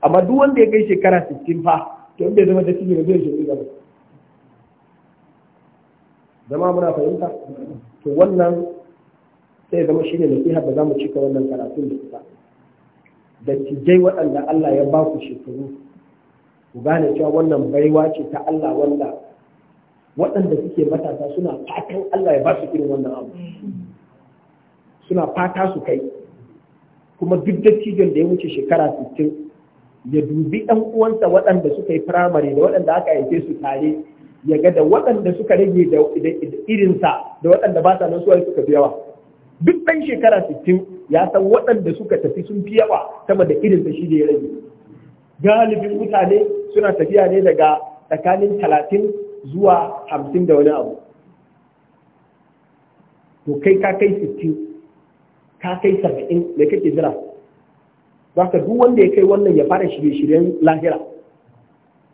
A: amma duk wanda ya kai shekara sittin fa to bai zama da cikin zai shiga gaba zama muna fahimta to wannan sai zama shi ne nasiha da za mu cika wannan karatun da ita da tijai waɗanda Allah ya ba ku shekaru ku gane cewa wannan baiwa ce ta Allah wanda waɗanda suke matasa suna fatan Allah ya ba su irin wannan abu suna fata su kai kuma duk dattijon da ya wuce shekara 60 ya dubi ɗan uwansa waɗanda suka yi firamare da waɗanda aka haife su tare ya ga da waɗanda suka rage da irinsa da waɗanda ba sa nan suka fi yawa duk ɗan shekara sittin ya san waɗanda suka tafi sun fi yawa sama da irinsa shi da ya rage galibin mutane suna tafiya ne daga tsakanin talatin zuwa hamsin da wani abu to kai ka kai sittin ka kai saba'in me kake jira Zaka duk wanda ya kai wannan ya fara shirye-shiryen lahira.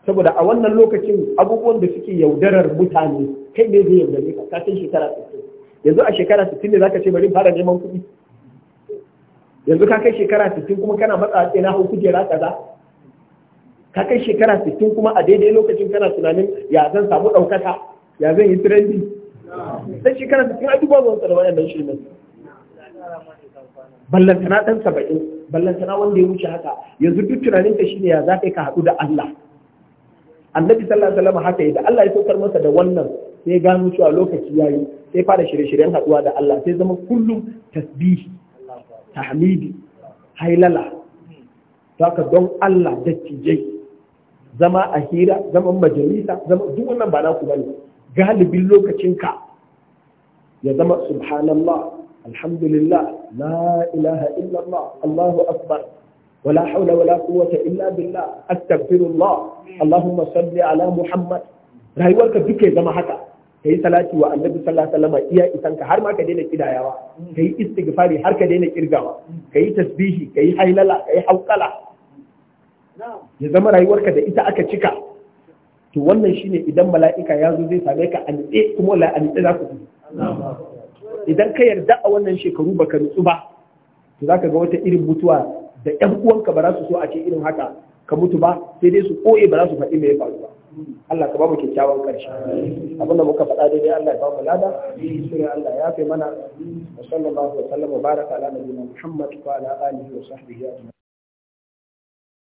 A: Saboda a wannan lokacin abubuwan da suke yaudarar mutane kai ne zai yaudare ka ka san shekara 60. Yanzu a shekara 60 ne zaka ce bari fara neman kuɗi. Yanzu ka kai shekara 60 kuma kana matsa a na hau kujera kaza. Ka kai shekara 60 kuma a daidai lokacin kana tunanin ya zan samu ɗaukaka ya zan yi trendy. Dan shekara 60 a duba wani tsarawa yanzu shirin ne. Ballantana ɗan saba'in ballantana wanda ya wuce haka yanzu duk tunanin ka shine ya za ka ka haɗu da Allah annabi sallallahu alaihi wasallam haka da Allah ya saukar masa da wannan sai gano cewa lokaci yayi sai fara shirye-shiryen haɗuwa da Allah sai zama kullum tasbihi tahmidi hailala haka don Allah dattijai zama a hira zaman majalisa zama duk wannan ba na ku bane galibin ka ya zama subhanallah alhamdulillah la ilaha illallah allahu akbar ولا حول ولا قوة إلا بالله أستغفر الله اللهم صل على محمد rayuwarka duka zama haka ka salati wa annabi sallallahu alaihi ka daina kidayawa har ka daina kirgawa ka tasbihi ka yi hailala ka ya zama rayuwarka da ita aka cika to wannan shine idan mala'ika ya zo zai same ka a nitse kuma la za ku idan ka yarda a wannan shekaru baka nutsu ba to zaka ga wata irin mutuwa da ƴan uwanka ba za su so a ce irin haka ka mutu ba sai dai su koye ba za su faɗi mai ya faru ba Allah ka ba mu kyakkyawan ƙarshe abin da muka faɗa daidai Allah ya ba mu lada sai Allah ya fi mana sallallahu alaihi wa sallama baraka ala nabiyina Muhammad wa ala alihi wa sahbihi ajma'in